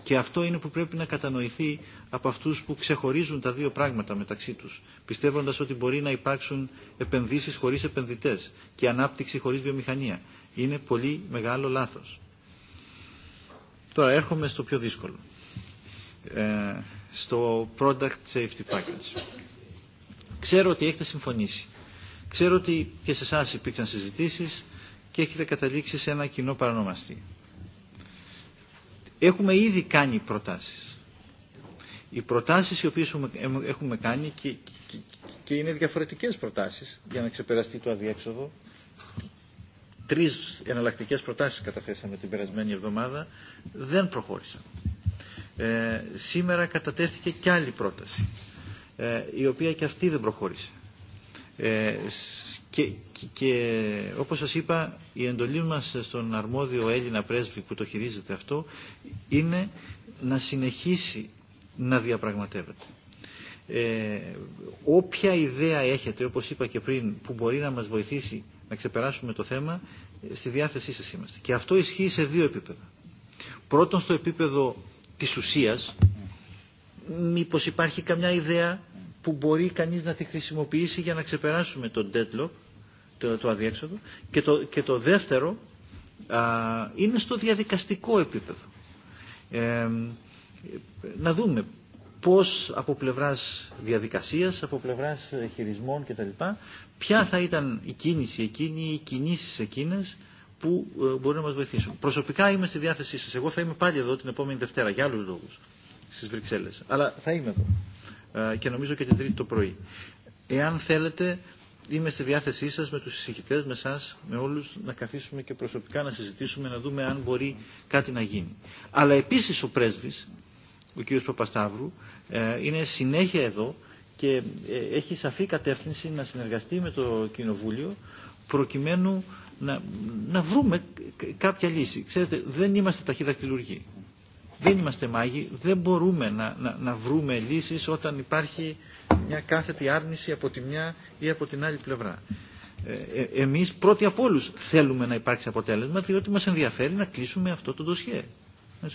Και αυτό είναι που πρέπει να κατανοηθεί από αυτούς που ξεχωρίζουν τα δύο πράγματα μεταξύ τους, πιστεύοντας ότι μπορεί να υπάρξουν επενδύσεις χωρίς επενδυτές και ανάπτυξη χωρίς βιομηχανία. Είναι πολύ μεγάλο λάθος. Τώρα έρχομαι στο πιο δύσκολο, ε, στο Product Safety Package. Ξέρω ότι έχετε συμφωνήσει. Ξέρω ότι και σε εσά υπήρξαν συζητήσεις και έχετε καταλήξει σε ένα κοινό παρανομαστή. Έχουμε ήδη κάνει προτάσεις. Οι προτάσεις οι οποίες έχουμε κάνει και, και, είναι διαφορετικές προτάσεις για να ξεπεραστεί το αδιέξοδο. Τρεις εναλλακτικές προτάσεις καταθέσαμε την περασμένη εβδομάδα. Δεν προχώρησαν. Ε, σήμερα κατατέθηκε και άλλη πρόταση, ε, η οποία και αυτή δεν προχώρησε. Ε, και, και όπως σας είπα η εντολή μας στον αρμόδιο Έλληνα πρέσβη που το χειρίζεται αυτό είναι να συνεχίσει να διαπραγματεύεται. Ε, όποια ιδέα έχετε όπως είπα και πριν που μπορεί να μας βοηθήσει να ξεπεράσουμε το θέμα στη διάθεσή σας είμαστε. Και αυτό ισχύει σε δύο επίπεδα. Πρώτον στο επίπεδο της ουσίας μήπως υπάρχει καμιά ιδέα που μπορεί κανείς να τη χρησιμοποιήσει για να ξεπεράσουμε το deadlock, το, το αδιέξοδο. Και το, και το δεύτερο α, είναι στο διαδικαστικό επίπεδο. να δούμε πώς από πλευράς διαδικασίας, από πλευράς χειρισμών κτλ. Ποια θα ήταν η κίνηση εκείνη, οι κινήσεις εκείνες που ε, μπορεί να μας βοηθήσουν. Προσωπικά είμαι στη διάθεσή σας. Εγώ θα είμαι πάλι εδώ την επόμενη Δευτέρα για άλλους λόγους στις Βρυξέλλες. Αλλά θα είμαι εδώ. Ε, και νομίζω και την Τρίτη το πρωί. Εάν θέλετε, είμαι στη διάθεσή σας με τους συζητητές, με εσά, με όλους, να καθίσουμε και προσωπικά να συζητήσουμε, να δούμε αν μπορεί κάτι να γίνει. Αλλά επίσης ο πρέσβης, ο κ. Παπασταύρου, ε, είναι συνέχεια εδώ και ε, έχει σαφή κατεύθυνση να συνεργαστεί με το Κοινοβούλιο προκειμένου να, να βρούμε κάποια λύση. Ξέρετε, δεν είμαστε ταχυδακτηλουργοί. Δεν είμαστε μάγοι, δεν μπορούμε να, να, να βρούμε λύσεις όταν υπάρχει μια κάθετη άρνηση από τη μια ή από την άλλη πλευρά. Ε, ε εμείς πρώτοι από όλους θέλουμε να υπάρξει αποτέλεσμα διότι μας ενδιαφέρει να κλείσουμε αυτό το ντοσιέ.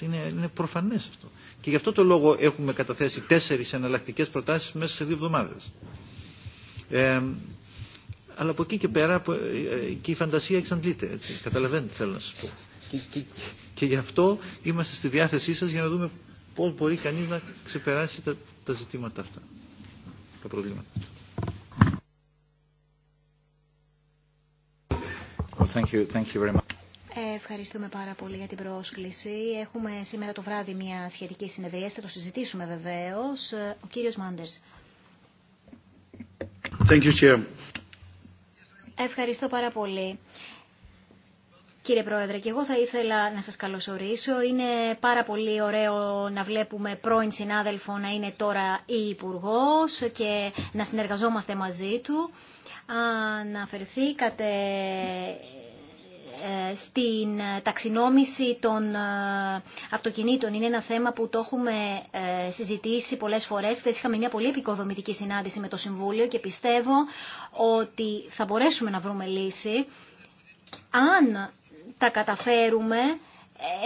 Είναι, είναι προφανές αυτό. Και γι' αυτό το λόγο έχουμε καταθέσει τέσσερις εναλλακτικέ προτάσεις μέσα σε δύο εβδομάδες. Ε, αλλά από εκεί και πέρα ε, και η φαντασία εξαντλείται. Έτσι. Καταλαβαίνετε τι θέλω να σας πω και, και, γι' αυτό είμαστε στη διάθεσή σας για να δούμε πώς μπορεί κανείς να ξεπεράσει τα, τα ζητήματα αυτά, τα προβλήματα. Well, thank you, thank you very much. Ε, ευχαριστούμε πάρα πολύ για την πρόσκληση. Έχουμε σήμερα το βράδυ μια σχετική συνεδρία. Θα το συζητήσουμε βεβαίω. Ο κύριος Μάντερς. Ευχαριστώ πάρα πολύ. Κύριε Πρόεδρε, και εγώ θα ήθελα να σας καλωσορίσω. Είναι πάρα πολύ ωραίο να βλέπουμε πρώην συνάδελφο να είναι τώρα η υπουργό και να συνεργαζόμαστε μαζί του. Αναφερθήκατε ε, στην ταξινόμηση των ε, αυτοκινήτων. Είναι ένα θέμα που το έχουμε ε, συζητήσει πολλές φορές. Θες είχαμε μια πολύ επικοδομητική συνάντηση με το Συμβούλιο και πιστεύω ότι θα μπορέσουμε να βρούμε λύση αν τα καταφέρουμε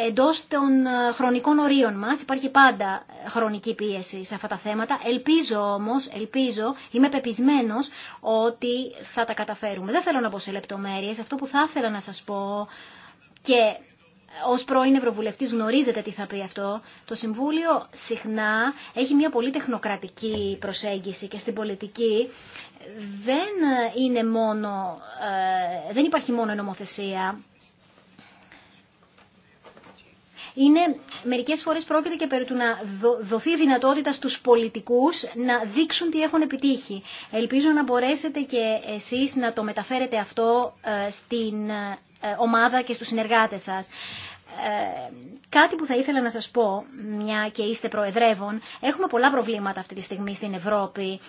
εντός των ε, χρονικών ορίων μας. Υπάρχει πάντα ε, χρονική πίεση σε αυτά τα θέματα. Ελπίζω όμως, ελπίζω, είμαι πεπισμένος ότι θα τα καταφέρουμε. Δεν θέλω να πω σε λεπτομέρειες. Αυτό που θα ήθελα να σας πω και ε, ως πρώην Ευρωβουλευτής γνωρίζετε τι θα πει αυτό. Το Συμβούλιο συχνά έχει μια πολύ τεχνοκρατική προσέγγιση και στην πολιτική δεν, είναι μόνο, δεν υπάρχει μόνο νομοθεσία είναι μερικές φορές πρόκειται και περί του να δοθεί δυνατότητα στους πολιτικούς να δείξουν τι έχουν επιτύχει. Ελπίζω να μπορέσετε και εσείς να το μεταφέρετε αυτό ε, στην ε, ομάδα και στους συνεργάτες σας. Ε, κάτι που θα ήθελα να σας πω, μια και είστε προεδρεύων, έχουμε πολλά προβλήματα αυτή τη στιγμή στην Ευρώπη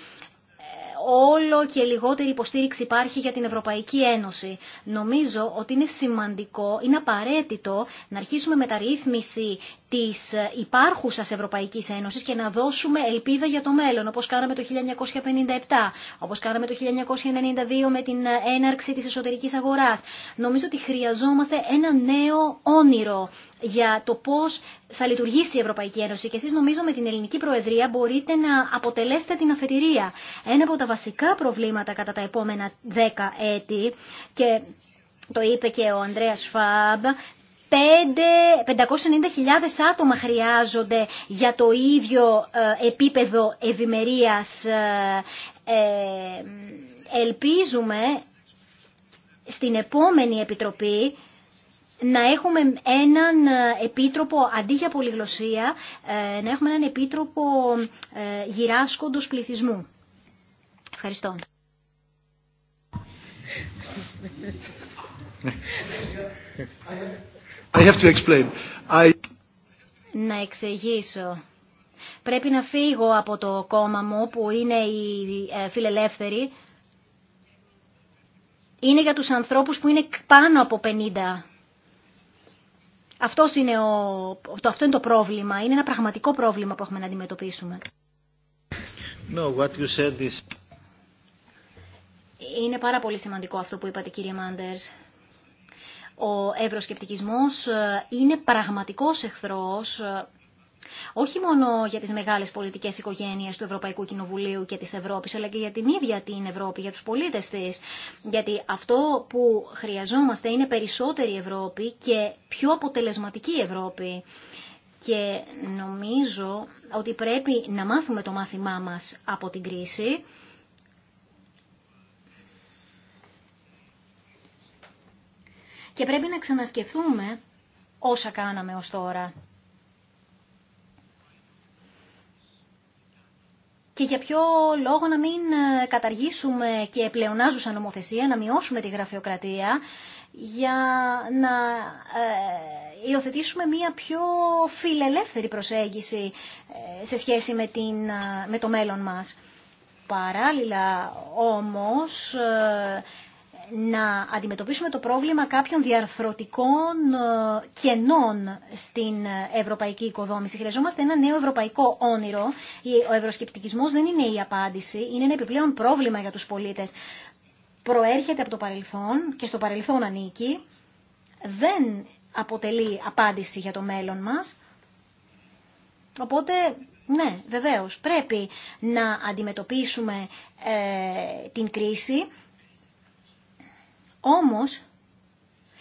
όλο και λιγότερη υποστήριξη υπάρχει για την Ευρωπαϊκή Ένωση. Νομίζω ότι είναι σημαντικό, είναι απαραίτητο να αρχίσουμε μεταρρύθμιση της ε, υπάρχουσας Ευρωπαϊκής Ένωσης και να δώσουμε ελπίδα για το μέλλον, όπως κάναμε το 1957, όπως κάναμε το 1992 με την ε, έναρξη της εσωτερικής αγοράς. Νομίζω ότι χρειαζόμαστε ένα νέο όνειρο για το πώς θα λειτουργήσει η Ευρωπαϊκή Ένωση και εσείς νομίζω με την ελληνική προεδρία μπορείτε να αποτελέσετε την αφετηρία. Ένα από τα βασικά προβλήματα κατά τα επόμενα δέκα έτη και το είπε και ο Ανδρέας Φαμπ, 590.000 άτομα χρειάζονται για το ίδιο ε, επίπεδο ευημερίας. Ε, ε, ελπίζουμε στην επόμενη επιτροπή να έχουμε έναν επίτροπο, αντί για πολυγλωσία, να έχουμε έναν επίτροπο γυράσκοντος πληθυσμού. Ευχαριστώ. I have to explain. Να εξηγήσω. Πρέπει να φύγω από το κόμμα μου που είναι οι ε, φιλελεύθεροι. Είναι για τους ανθρώπους που είναι πάνω από 50. Αυτός είναι Αυτό είναι το πρόβλημα. Είναι ένα πραγματικό πρόβλημα που έχουμε να αντιμετωπίσουμε. No, what you said is... Είναι πάρα πολύ σημαντικό αυτό που είπατε κύριε Μάντερς. Ο ευρωσκεπτικισμός ε, είναι πραγματικός εχθρός ε, όχι μόνο για τις μεγάλες πολιτικές οικογένειες του Ευρωπαϊκού Κοινοβουλίου και της Ευρώπης, αλλά και για την ίδια την Ευρώπη, για τους πολίτες της. Γιατί αυτό που χρειαζόμαστε είναι περισσότερη Ευρώπη και πιο αποτελεσματική Ευρώπη. Και νομίζω ότι πρέπει να μάθουμε το μάθημά μας από την κρίση και πρέπει να ξανασκεφτούμε όσα κάναμε ως τώρα. Και για ποιο λόγο να μην ε, καταργήσουμε και πλεονάζουσα νομοθεσία, να μειώσουμε τη γραφειοκρατία, για να ε, υιοθετήσουμε μία πιο φιλελεύθερη προσέγγιση ε, σε σχέση με, την, με το μέλλον μας. Παράλληλα όμως να αντιμετωπίσουμε το πρόβλημα κάποιων διαρθρωτικών ε, κενών στην ευρωπαϊκή οικοδόμηση. Χρειαζόμαστε ένα νέο ευρωπαϊκό όνειρο. Ο ευρωσκεπτικισμός δεν είναι η απάντηση, είναι ένα επιπλέον πρόβλημα για τους πολίτες. Προέρχεται από το παρελθόν και στο παρελθόν ανήκει. Δεν αποτελεί απάντηση για το μέλλον μας. Οπότε ναι, βεβαίως. Πρέπει να αντιμετωπίσουμε ε, την κρίση όμως,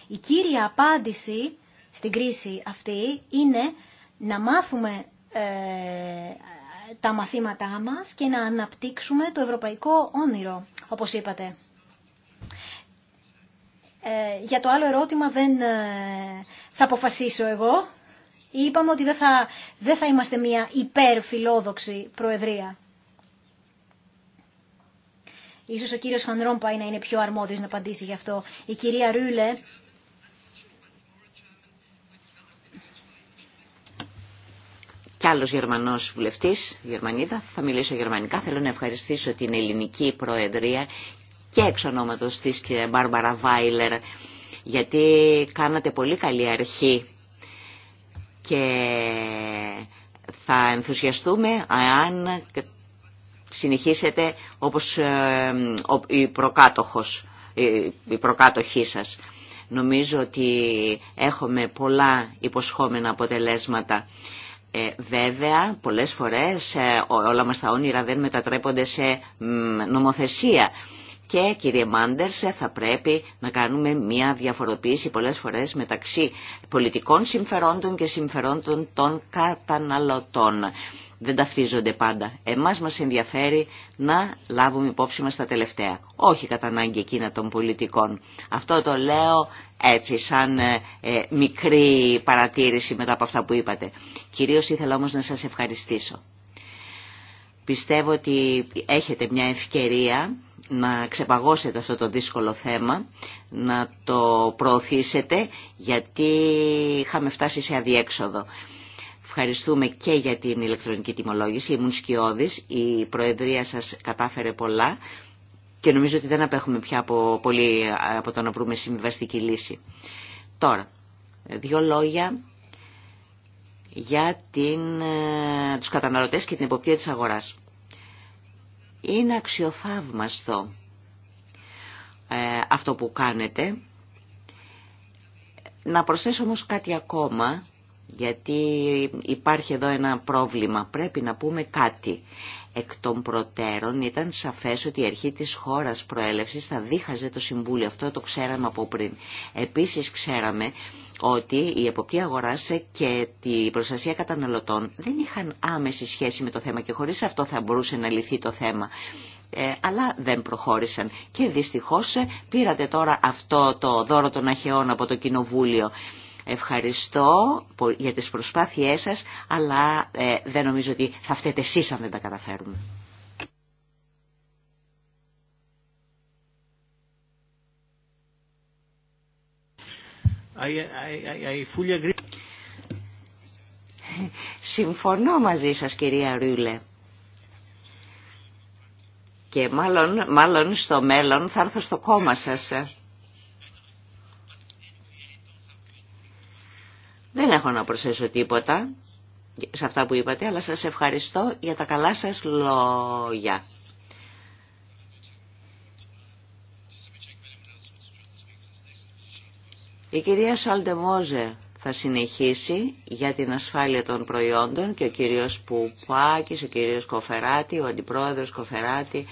η κύρια απάντηση στην κρίση αυτή είναι να μάθουμε ε, τα μαθήματά μας και να αναπτύξουμε το ευρωπαϊκό όνειρο, όπως είπατε. Ε, για το άλλο ερώτημα δεν ε, θα αποφασίσω εγώ. Είπαμε ότι δεν θα, δεν θα είμαστε μια υπερφιλόδοξη προεδρία. Ίσως ο κύριος πάει να είναι πιο αρμόδιος να απαντήσει γι' αυτό. Η κυρία Ρούλε κι άλλος Γερμανός βουλευτής, Γερμανίδα, θα μιλήσω γερμανικά. Θέλω να ευχαριστήσω την ελληνική προεδρία και εξ ονόματος της και Μπάρμπαρα Βάιλερ, γιατί κάνατε πολύ καλή αρχή και θα ενθουσιαστούμε αν συνεχίσετε όπως ε, η προκάτοχος, η προκάτοχή σας. Νομίζω ότι έχουμε πολλά υποσχόμενα αποτελέσματα. Ε, βέβαια, πολλές φορές ε, όλα μας τα όνειρα δεν μετατρέπονται σε νομοθεσία και κύριε Μάντερσε θα πρέπει να κάνουμε μια διαφοροποίηση πολλές φορές μεταξύ πολιτικών συμφερόντων και συμφερόντων των καταναλωτών. Δεν ταυτίζονται πάντα. Εμάς μας ενδιαφέρει να λάβουμε υπόψη μας τα τελευταία. Όχι κατά ανάγκη εκείνα των πολιτικών. Αυτό το λέω έτσι σαν ε, ε, μικρή παρατήρηση μετά από αυτά που είπατε. Κυρίως ήθελα όμως να σας ευχαριστήσω. Πιστεύω ότι έχετε μια ευκαιρία να ξεπαγώσετε αυτό το δύσκολο θέμα, να το προωθήσετε, γιατί είχαμε φτάσει σε αδιέξοδο. Ευχαριστούμε και για την ηλεκτρονική τιμολόγηση. Ήμουν σκιώδης, η Προεδρία σας κατάφερε πολλά και νομίζω ότι δεν απέχουμε πια από, πολύ από το να βρούμε συμβιβαστική λύση. Τώρα, δύο λόγια για την, ε, τους καταναλωτές και την εποπτεία της αγοράς. Είναι αξιοθαύμαστο ε, αυτό που κάνετε. Να προσθέσω όμως κάτι ακόμα, γιατί υπάρχει εδώ ένα πρόβλημα. Πρέπει να πούμε κάτι. Εκ των προτέρων ήταν σαφές ότι η αρχή της χώρας προέλευσης θα δίχαζε το Συμβούλιο. Αυτό το ξέραμε από πριν. Επίσης ξέραμε ότι η εποπτεία αγοράς και η προστασία καταναλωτών δεν είχαν άμεση σχέση με το θέμα και χωρίς αυτό θα μπορούσε να λυθεί το θέμα. Ε, αλλά δεν προχώρησαν και δυστυχώς πήρατε τώρα αυτό το δώρο των αχαιών από το Κοινοβούλιο. Ευχαριστώ για τις προσπάθειές σας, αλλά ε, δεν νομίζω ότι θα φταίτε εσείς αν δεν τα καταφέρουμε. I, Συμφωνώ μαζί σας κυρία Ρούλε. Και μάλλον, μάλλον στο μέλλον θα έρθω στο κόμμα σας. Δεν έχω να προσθέσω τίποτα σε αυτά που είπατε, αλλά σας ευχαριστώ για τα καλά σας λόγια. Η κυρία Μόζε θα συνεχίσει για την ασφάλεια των προϊόντων και ο κύριος Πουπάκης, ο κύριος Κοφεράτη, ο αντιπρόεδρος Κοφεράτη,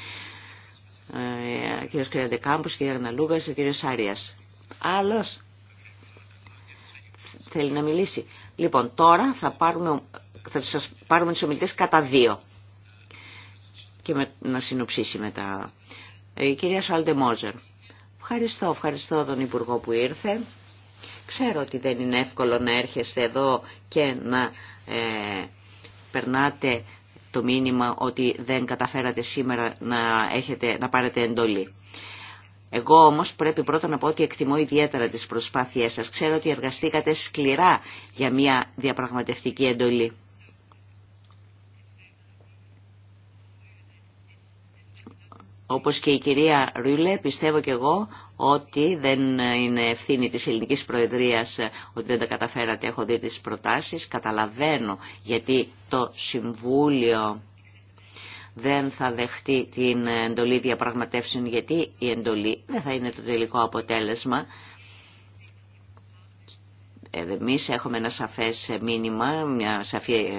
ε, ο κύριος Κρυαντεκάμπος, ο κύριος Αγναλούγας, ο κύριος Σάριας. Άλλος. Θέλει να μιλήσει. Λοιπόν, τώρα θα, πάρουμε, θα σας πάρουμε τους ομιλητές κατά δύο. Και να συνοψίσει μετά. Ε, η κυρία Σάλτε Μόζερ. Ευχαριστώ, ευχαριστώ τον Υπουργό που ήρθε. Ξέρω ότι δεν είναι εύκολο να έρχεστε εδώ και να ε, περνάτε το μήνυμα ότι δεν καταφέρατε σήμερα να, έχετε, να πάρετε εντολή. Εγώ όμως πρέπει πρώτα να πω ότι εκτιμώ ιδιαίτερα τις προσπάθειές σας. Ξέρω ότι εργαστήκατε σκληρά για μια διαπραγματευτική εντολή. Όπως και η κυρία Ρούλε, πιστεύω και εγώ ότι δεν είναι ευθύνη της ελληνικής προεδρίας ότι δεν τα καταφέρατε. Έχω δει τις προτάσεις, καταλαβαίνω γιατί το Συμβούλιο δεν θα δεχτεί την εντολή διαπραγματεύσεων γιατί η εντολή δεν θα είναι το τελικό αποτέλεσμα. Εμεί έχουμε ένα σαφές μήνυμα, μια σαφή ε,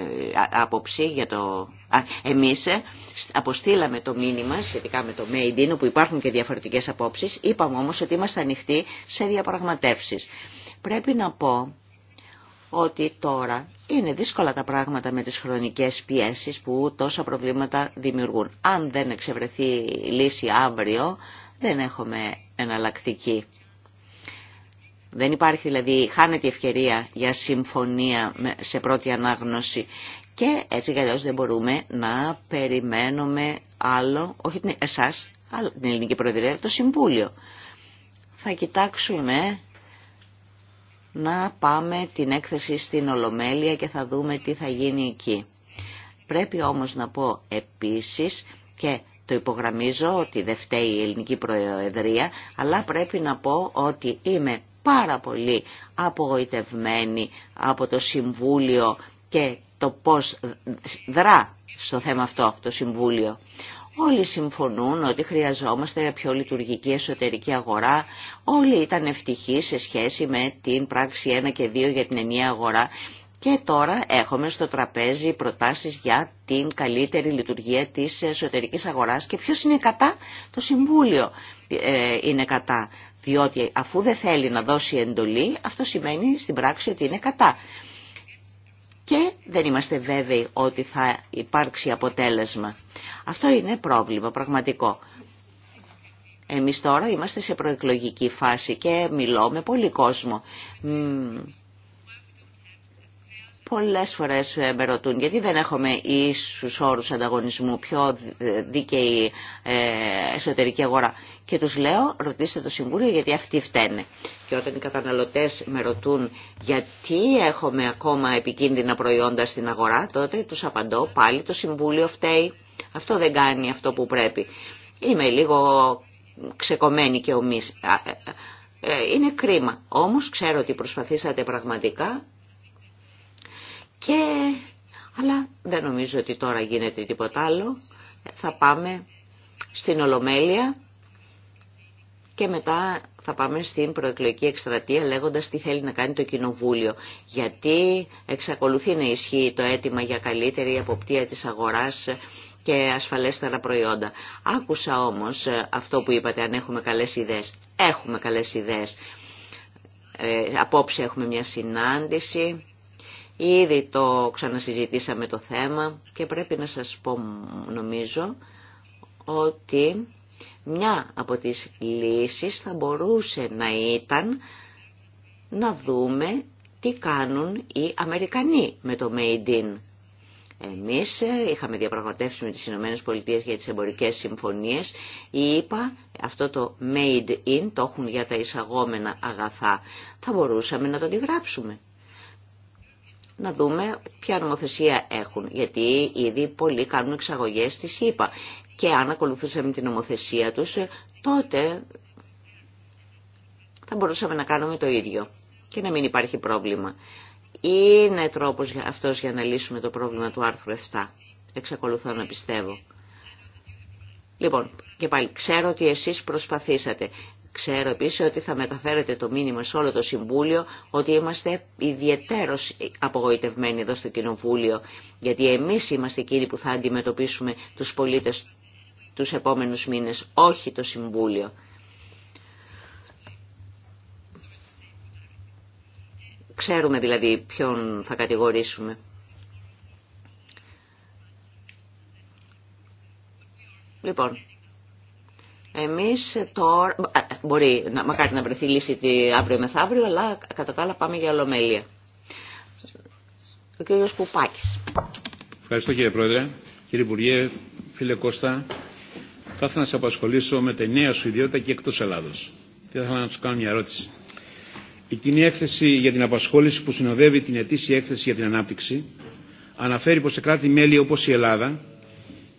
άποψη για το... Εμείς αποστήλαμε το μήνυμα σχετικά με το Made in, όπου υπάρχουν και διαφορετικές απόψεις. Είπαμε όμως ότι είμαστε ανοιχτοί σε διαπραγματεύσεις. Πρέπει να πω ότι τώρα είναι δύσκολα τα πράγματα με τις χρονικές πιέσεις που τόσα προβλήματα δημιουργούν. Αν δεν εξευρεθεί λύση αύριο, δεν έχουμε εναλλακτική. Δεν υπάρχει δηλαδή, χάνεται η ευκαιρία για συμφωνία σε πρώτη ανάγνωση και έτσι αλλιώς δεν μπορούμε να περιμένουμε άλλο, όχι εσάς, την Ελληνική Προεδρία, το Συμβούλιο. Θα κοιτάξουμε να πάμε την έκθεση στην Ολομέλεια και θα δούμε τι θα γίνει εκεί. Πρέπει όμως να πω επίσης και το υπογραμμίζω ότι δεν φταίει η ελληνική προεδρία, αλλά πρέπει να πω ότι είμαι πάρα πολύ απογοητευμένη από το Συμβούλιο και το πώς δρά στο θέμα αυτό το Συμβούλιο. Όλοι συμφωνούν ότι χρειαζόμαστε πιο λειτουργική εσωτερική αγορά. Όλοι ήταν ευτυχεί σε σχέση με την πράξη 1 και 2 για την ενιαία αγορά. Και τώρα έχουμε στο τραπέζι προτάσεις για την καλύτερη λειτουργία της εσωτερικής αγοράς. Και ποιος είναι κατά, το Συμβούλιο ε, είναι κατά. Διότι αφού δεν θέλει να δώσει εντολή, αυτό σημαίνει στην πράξη ότι είναι κατά και δεν είμαστε βέβαιοι ότι θα υπάρξει αποτέλεσμα. Αυτό είναι πρόβλημα πραγματικό. Εμείς τώρα είμαστε σε προεκλογική φάση και μιλώ με πολύ κόσμο. Πολλές φορές ε, με ρωτούν γιατί δεν έχουμε ίσους όρους ανταγωνισμού, πιο δίκαιη ε, εσωτερική αγορά. Και τους λέω, ρωτήστε το Συμβούλιο γιατί αυτοί φταίνε. Και όταν οι καταναλωτές με ρωτούν γιατί έχουμε ακόμα επικίνδυνα προϊόντα στην αγορά, τότε τους απαντώ πάλι το Συμβούλιο φταίει. Αυτό δεν κάνει αυτό που πρέπει. Είμαι λίγο ξεκομμένη και ομής. Ε, είναι κρίμα. Όμως ξέρω ότι προσπαθήσατε πραγματικά και... Αλλά δεν νομίζω ότι τώρα γίνεται τίποτα άλλο. Θα πάμε στην Ολομέλεια και μετά θα πάμε στην προεκλογική εκστρατεία λέγοντας τι θέλει να κάνει το Κοινοβούλιο. Γιατί εξακολουθεί να ισχύει το αίτημα για καλύτερη αποπτία της αγοράς και ασφαλέστερα προϊόντα. Άκουσα όμως ε, αυτό που είπατε αν έχουμε καλές ιδέες. Έχουμε καλές ιδέες. Ε, απόψε έχουμε μια συνάντηση Ήδη το ξανασυζητήσαμε το θέμα και πρέπει να σας πω νομίζω ότι μια από τις λύσεις θα μπορούσε να ήταν να δούμε τι κάνουν οι Αμερικανοί με το Made in. Εμείς ε, είχαμε διαπραγματεύσει με τις Ηνωμένες για τις εμπορικές συμφωνίες. Είπα αυτό το Made in το έχουν για τα εισαγόμενα αγαθά. Θα μπορούσαμε να το αντιγράψουμε να δούμε ποια νομοθεσία έχουν, γιατί ήδη πολλοί κάνουν εξαγωγές στη ΣΥΠΑ. Και αν ακολουθούσαμε την νομοθεσία τους, τότε θα μπορούσαμε να κάνουμε το ίδιο και να μην υπάρχει πρόβλημα. Είναι τρόπος αυτός για να λύσουμε το πρόβλημα του άρθρου 7. Εξακολουθώ να πιστεύω. Λοιπόν, και πάλι ξέρω ότι εσείς προσπαθήσατε. Ξέρω επίση ότι θα μεταφέρετε το μήνυμα σε όλο το Συμβούλιο ότι είμαστε ιδιαιτέρως απογοητευμένοι εδώ στο Κοινοβούλιο γιατί εμείς είμαστε εκείνοι που θα αντιμετωπίσουμε τους πολίτες τους επόμενους μήνες, όχι το Συμβούλιο. Ξέρουμε δηλαδή ποιον θα κατηγορήσουμε. Λοιπόν, εμείς τώρα, ε, μπορεί να, μακάρι να βρεθεί λύση αύριο μεθαύριο, αλλά κατά τα άλλα πάμε για ολομέλεια. Ο κύριος Πουπάκης. Ευχαριστώ κύριε Πρόεδρε. Κύριε Υπουργέ, φίλε Κώστα, θα ήθελα να σα απασχολήσω με τη νέα σου ιδιότητα και εκτός Ελλάδος. Και θα ήθελα να σου κάνω μια ερώτηση. Η κοινή έκθεση για την απασχόληση που συνοδεύει την ετήσια έκθεση για την ανάπτυξη αναφέρει πως σε κράτη-μέλη όπως η Ελλάδα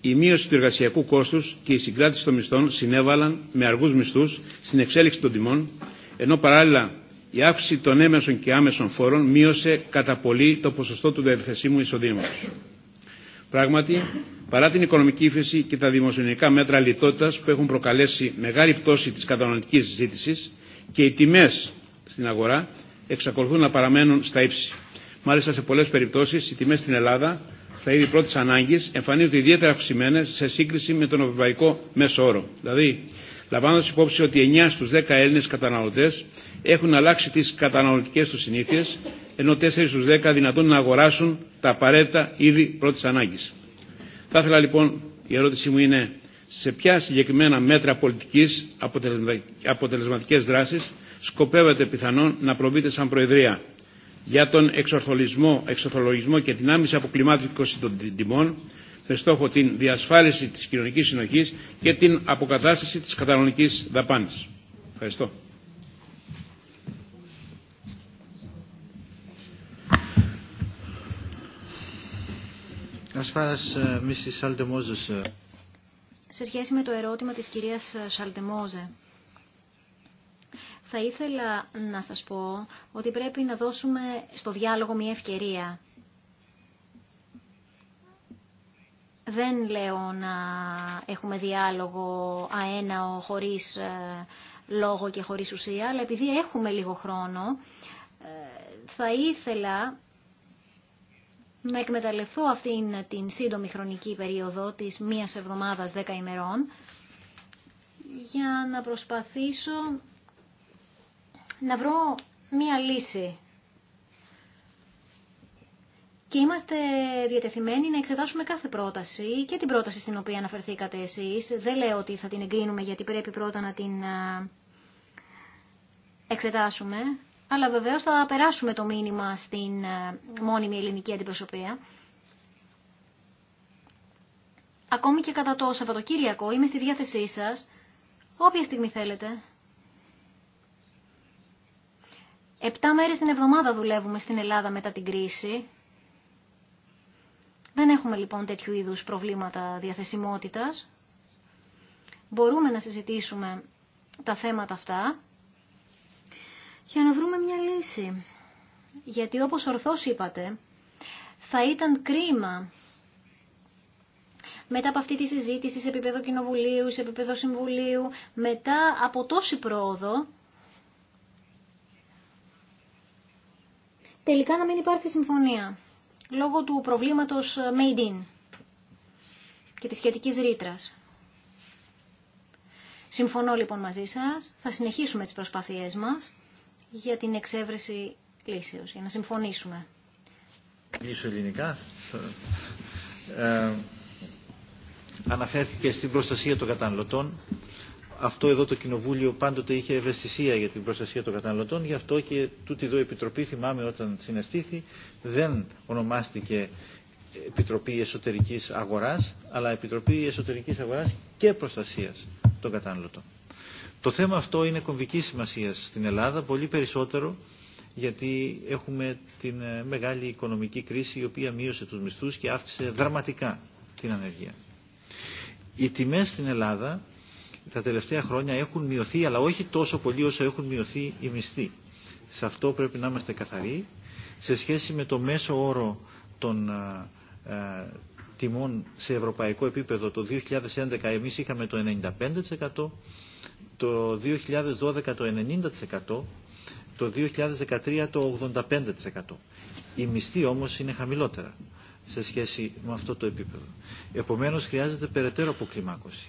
η μείωση του εργασιακού κόστου και η συγκράτηση των μισθών συνέβαλαν με αργού μισθού στην εξέλιξη των τιμών, ενώ παράλληλα η αύξηση των έμεσων και άμεσων φόρων μείωσε κατά πολύ το ποσοστό του διαθεσίμου εισοδήματο. Πράγματι, παρά την οικονομική ύφεση και τα δημοσιονομικά μέτρα λιτότητα που έχουν προκαλέσει μεγάλη πτώση τη κατανοητική ζήτηση και οι τιμέ στην αγορά εξακολουθούν να παραμένουν στα ύψη. Μάλιστα, σε πολλέ περιπτώσει οι τιμέ στην Ελλάδα στα είδη πρώτη ανάγκη εμφανίζονται ιδιαίτερα αυξημένε σε σύγκριση με τον ευρωπαϊκό μέσο όρο. Δηλαδή, λαμβάνοντα υπόψη ότι 9 στου 10 Έλληνε καταναλωτέ έχουν αλλάξει τι καταναλωτικέ του συνήθειε, ενώ 4 στου 10 δυνατόν να αγοράσουν τα απαραίτητα είδη πρώτη ανάγκη. Θα ήθελα λοιπόν, η ερώτησή μου είναι, σε ποια συγκεκριμένα μέτρα πολιτική αποτελεσματικέ δράσει σκοπεύετε πιθανόν να προβείτε σαν Προεδρία για τον εξορθολογισμό και την άμεση αποκλιμάκωσης των τιμών με στόχο την διασφάλιση της κοινωνικής συνοχής και την αποκατάσταση της καταναλωνικής δαπάνης. Ευχαριστώ. Uh, uh, Σε σχέση με το ερώτημα της κυρίας Σαλτεμόζε, θα ήθελα να σας πω ότι πρέπει να δώσουμε στο διάλογο μια ευκαιρία. Δεν λέω να έχουμε διάλογο αέναο χωρίς ε, λόγο και χωρίς ουσία, αλλά επειδή έχουμε λίγο χρόνο, ε, θα ήθελα να εκμεταλλευτώ αυτήν την σύντομη χρονική περίοδο της μίας εβδομάδας δέκα ημερών για να προσπαθήσω να βρω μία λύση. Και είμαστε διατεθειμένοι να εξετάσουμε κάθε πρόταση και την πρόταση στην οποία αναφερθήκατε εσείς. Δεν λέω ότι θα την εγκρίνουμε γιατί πρέπει πρώτα να την εξετάσουμε. Αλλά βεβαίως θα περάσουμε το μήνυμα στην μόνιμη ελληνική αντιπροσωπεία. Ακόμη και κατά το Σαββατοκύριακο είμαι στη διάθεσή σας. Όποια στιγμή θέλετε. Επτά μέρες την εβδομάδα δουλεύουμε στην Ελλάδα μετά την κρίση. Δεν έχουμε λοιπόν τέτοιου είδους προβλήματα διαθεσιμότητας. Μπορούμε να συζητήσουμε τα θέματα αυτά για να βρούμε μια λύση. Γιατί όπως ορθώς είπατε, θα ήταν κρίμα μετά από αυτή τη συζήτηση σε επίπεδο κοινοβουλίου, σε επίπεδο συμβουλίου, μετά από τόση πρόοδο, τελικά να μην υπάρχει συμφωνία λόγω του προβλήματος ε, Made in και της σχετικής ρήτρα. Συμφωνώ λοιπόν μαζί σας, θα συνεχίσουμε τις προσπάθειές μας για την εξέβρεση λύσεως, για να συμφωνήσουμε. Μιλήσω ελληνικά. Ε, αναφέρθηκε στην προστασία των καταναλωτών αυτό εδώ το Κοινοβούλιο πάντοτε είχε ευαισθησία για την προστασία των καταναλωτών, γι' αυτό και τούτη εδώ Επιτροπή, θυμάμαι όταν συναστήθη, δεν ονομάστηκε Επιτροπή Εσωτερικής Αγοράς, αλλά Επιτροπή Εσωτερικής Αγοράς και Προστασίας των Καταναλωτών. Το θέμα αυτό είναι κομβική σημασία στην Ελλάδα, πολύ περισσότερο γιατί έχουμε την ε, μεγάλη οικονομική κρίση η οποία μείωσε τους μισθούς και αύξησε δραματικά την ανεργία. Οι τιμές στην Ελλάδα τα τελευταία χρόνια έχουν μειωθεί, αλλά όχι τόσο πολύ όσο έχουν μειωθεί οι μισθοί. Σε αυτό πρέπει να είμαστε καθαροί. Σε σχέση με το μέσο όρο των ε, ε, τιμών σε ευρωπαϊκό επίπεδο, το 2011 εμείς είχαμε το 95%, το 2012 το 90%, το 2013 το 85%. Οι μισθοί όμως είναι χαμηλότερα σε σχέση με αυτό το επίπεδο. Επομένως χρειάζεται περαιτέρω αποκλιμάκωση.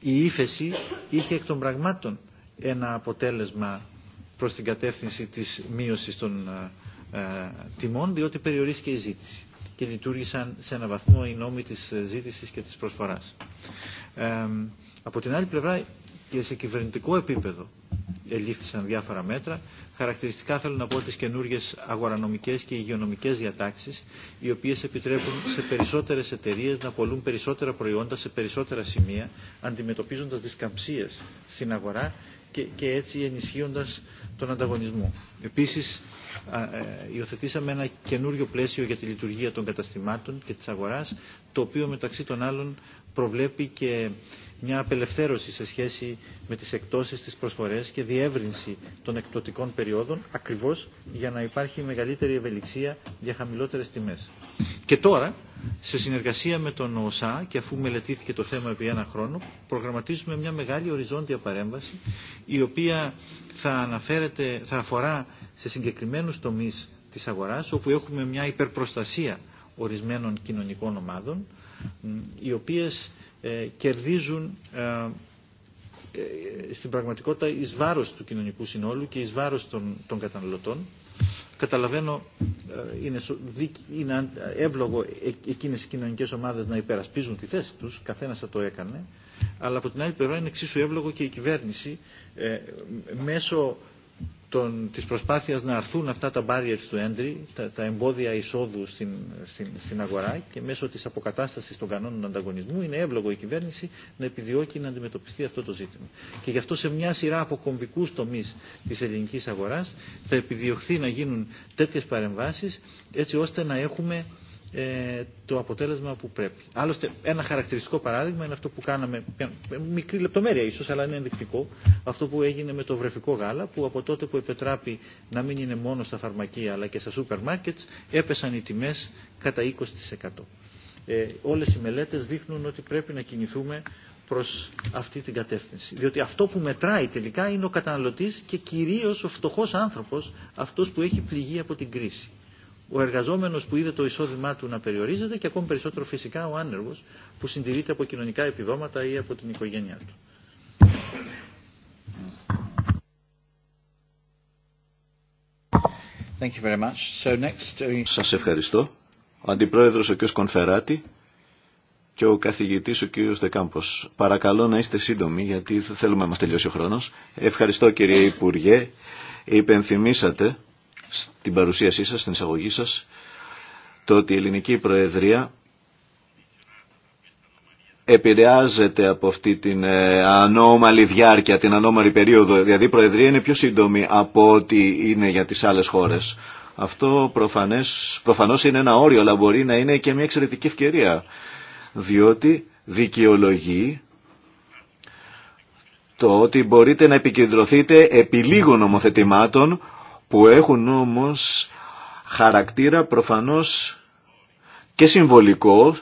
Η ύφεση είχε εκ των πραγμάτων ένα αποτέλεσμα προς την κατεύθυνση της μείωσης των ε, ε, τιμών διότι περιορίστηκε η ζήτηση και λειτουργήσαν σε ένα βαθμό οι νόμοι της ε, ζήτησης και της προσφοράς. από την άλλη πλευρά και σε κυβερνητικό επίπεδο ελήφθησαν διάφορα μέτρα χαρακτηριστικά θέλω να πω τις καινούργιες αγορανομικές και υγειονομικές διατάξεις, οι οποίες επιτρέπουν σε περισσότερες εταιρείες να πολλούν περισσότερα προϊόντα σε περισσότερα σημεία, αντιμετωπίζοντας δισκαμψίες στην αγορά και, και έτσι ενισχύοντας τον ανταγωνισμό. Επίσης, ε, υιοθετήσαμε ένα καινούριο πλαίσιο για τη λειτουργία των καταστημάτων και της αγοράς, το οποίο μεταξύ των άλλων προβλέπει και μια απελευθέρωση σε σχέση με τις εκτόσεις, τις προσφορές και διεύρυνση των εκπτωτικών περιόδων ακριβώς για να υπάρχει μεγαλύτερη ευελιξία για χαμηλότερες τιμές. Και τώρα, σε συνεργασία με τον ΟΣΑ και αφού μελετήθηκε το θέμα επί ένα χρόνο, προγραμματίζουμε μια μεγάλη οριζόντια παρέμβαση η οποία θα, αναφέρεται, θα αφορά σε συγκεκριμένους τομείς της αγοράς όπου έχουμε μια υπερπροστασία ορισμένων κοινωνικών ομάδων οι οποίες ε, κερδίζουν ε, ε, στην πραγματικότητα εις βάρος του κοινωνικού συνόλου και εις βάρος των, των καταναλωτών. Καταλαβαίνω είναι, είναι εύλογο εκείνες οι κοινωνικές ομάδες να υπερασπίζουν τη θέση τους, καθένας θα το έκανε, αλλά από την άλλη πλευρά είναι εξίσου εύλογο και η κυβέρνηση μέσω των, της προσπάθειας να αρθούν αυτά τα barriers του entry, τα, τα εμπόδια εισόδου στην, στην, στην, αγορά και μέσω της αποκατάστασης των κανόνων ανταγωνισμού είναι εύλογο η κυβέρνηση να επιδιώκει να αντιμετωπιστεί αυτό το ζήτημα. Και γι' αυτό σε μια σειρά από κομβικούς τομείς της ελληνικής αγοράς θα επιδιωχθεί να γίνουν τέτοιες παρεμβάσεις έτσι ώστε να έχουμε ε, το αποτέλεσμα που πρέπει. Άλλωστε, ένα χαρακτηριστικό παράδειγμα είναι αυτό που κάναμε, μικρή λεπτομέρεια ίσω, αλλά είναι ενδεικτικό, αυτό που έγινε με το βρεφικό γάλα, που από τότε που επετράπη να μην είναι μόνο στα φαρμακεία αλλά και στα σούπερ μάρκετ, έπεσαν οι τιμέ κατά 20%. Ε, όλες οι μελέτες δείχνουν ότι πρέπει να κινηθούμε προς αυτή την κατεύθυνση. Διότι αυτό που μετράει τελικά είναι ο καταναλωτής και κυρίως ο φτωχός άνθρωπος, αυτός που έχει πληγεί από την κρίση ο εργαζόμενος που είδε το εισόδημά του να περιορίζεται και ακόμη περισσότερο φυσικά ο άνεργο που συντηρείται από κοινωνικά επιδόματα ή από την οικογένειά του. Thank uh, Σας ευχαριστώ. Ο Αντιπρόεδρος ο κ. Κονφεράτη και ο καθηγητής ο κ. Δεκάμπος. Παρακαλώ να είστε σύντομοι γιατί θέλουμε να μας τελειώσει ο χρόνος. Ευχαριστώ κύριε Υπουργέ. Υπενθυμίσατε στην παρουσίασή σας, στην εισαγωγή σας, το ότι η ελληνική προεδρία επηρεάζεται από αυτή την ε, ανώμαλη διάρκεια, την ανώμαλη περίοδο. Δηλαδή η Προεδρία είναι πιο σύντομη από ό,τι είναι για τις άλλες χώρες. Αυτό προφανές, προφανώς είναι ένα όριο, αλλά μπορεί να είναι και μια εξαιρετική ευκαιρία. Διότι δικαιολογεί το ότι μπορείτε να επικεντρωθείτε επί λίγων νομοθετημάτων που έχουν όμως χαρακτήρα προφανώς και συμβολικό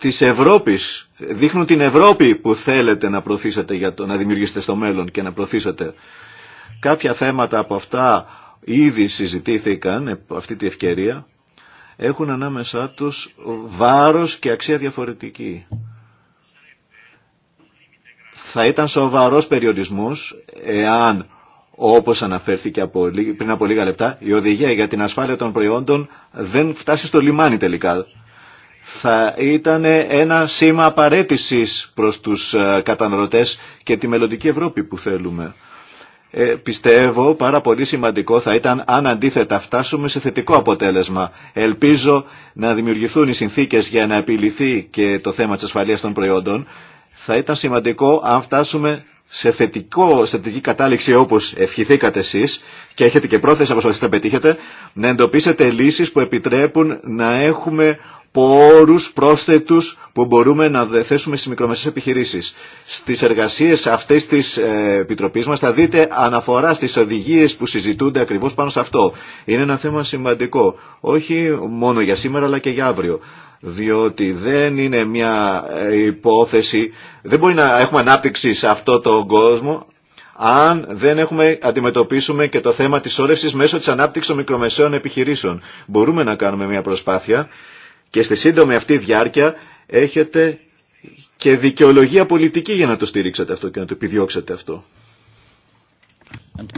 της Ευρώπης. Δείχνουν την Ευρώπη που θέλετε να προωθήσετε για το, να δημιουργήσετε στο μέλλον και να προωθήσετε. Κάποια θέματα από αυτά ήδη συζητήθηκαν από ε, αυτή τη ευκαιρία έχουν ανάμεσά τους βάρος και αξία διαφορετική. Θα ήταν σοβαρός περιορισμός εάν όπως αναφέρθηκε από, πριν από λίγα λεπτά, η οδηγία για την ασφάλεια των προϊόντων δεν φτάσει στο λιμάνι τελικά. Θα ήταν ένα σήμα απαραίτησης προς τους ε, καταναλωτές και τη μελλοντική Ευρώπη που θέλουμε. Ε, πιστεύω πάρα πολύ σημαντικό θα ήταν αν αντίθετα φτάσουμε σε θετικό αποτέλεσμα. Ελπίζω να δημιουργηθούν οι συνθήκες για να επιληθεί και το θέμα της ασφαλείας των προϊόντων. Θα ήταν σημαντικό αν φτάσουμε σε θετικό, σε θετική κατάληξη όπως ευχηθήκατε εσείς και έχετε και πρόθεση να προσπαθήσετε να πετύχετε, να εντοπίσετε λύσεις που επιτρέπουν να έχουμε πόρους πρόσθετους που μπορούμε να δεθέσουμε στις μικρομεσαίες επιχειρήσεις. Στις εργασίες αυτέ της ε, Επιτροπής μας θα δείτε αναφορά στις οδηγίες που συζητούνται ακριβώς πάνω σε αυτό. Είναι ένα θέμα σημαντικό, όχι μόνο για σήμερα αλλά και για αύριο. Διότι δεν είναι μια ε, υπόθεση, δεν μπορεί να έχουμε ανάπτυξη σε αυτό το κόσμο αν δεν έχουμε, αντιμετωπίσουμε και το θέμα της όρευσης μέσω της ανάπτυξης των μικρομεσαίων επιχειρήσεων. Μπορούμε να κάνουμε μια προσπάθεια και στη σύντομη αυτή διάρκεια έχετε και δικαιολογία πολιτική για να το στηρίξετε αυτό και να το επιδιώξετε αυτό.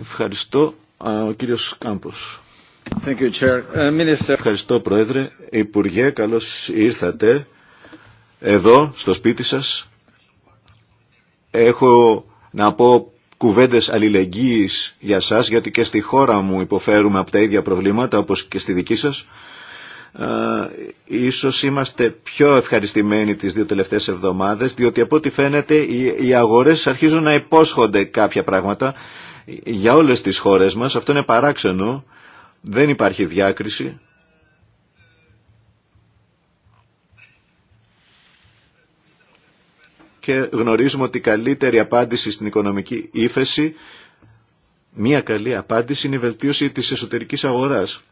Ευχαριστώ. κύριος Κάμπος. Thank you, Chair. Ε, Ευχαριστώ Πρόεδρε. Υπουργέ, καλώς ήρθατε εδώ στο σπίτι σας. Έχω να πω κουβέντες αλληλεγγύης για σας, γιατί και στη χώρα μου υποφέρουμε από τα ίδια προβλήματα όπως και στη δική σας. Ε, ίσως είμαστε πιο ευχαριστημένοι τις δύο τελευταίες εβδομάδες διότι από ό,τι φαίνεται οι αγορές αρχίζουν να υπόσχονται κάποια πράγματα για όλες τις χώρες μας. Αυτό είναι παράξενο. Δεν υπάρχει διάκριση. Και γνωρίζουμε ότι η καλύτερη απάντηση στην οικονομική ύφεση, μία καλή απάντηση είναι η βελτίωση της εσωτερικής αγοράς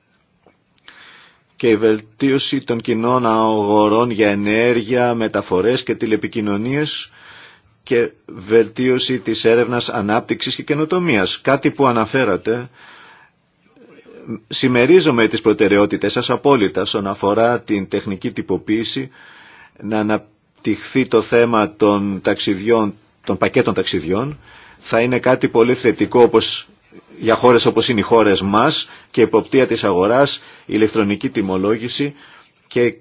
και η βελτίωση των κοινών αγορών για ενέργεια, μεταφορές και τηλεπικοινωνίες και βελτίωση της έρευνας ανάπτυξης και καινοτομίας. Κάτι που αναφέρατε, συμμερίζομαι τις προτεραιότητες σας απόλυτα όσον αφορά την τεχνική τυποποίηση, να αναπτυχθεί το θέμα των ταξιδιών, των πακέτων ταξιδιών, θα είναι κάτι πολύ θετικό όπως για χώρες όπως είναι οι χώρες μας και υποπτία της αγοράς, ηλεκτρονική τιμολόγηση και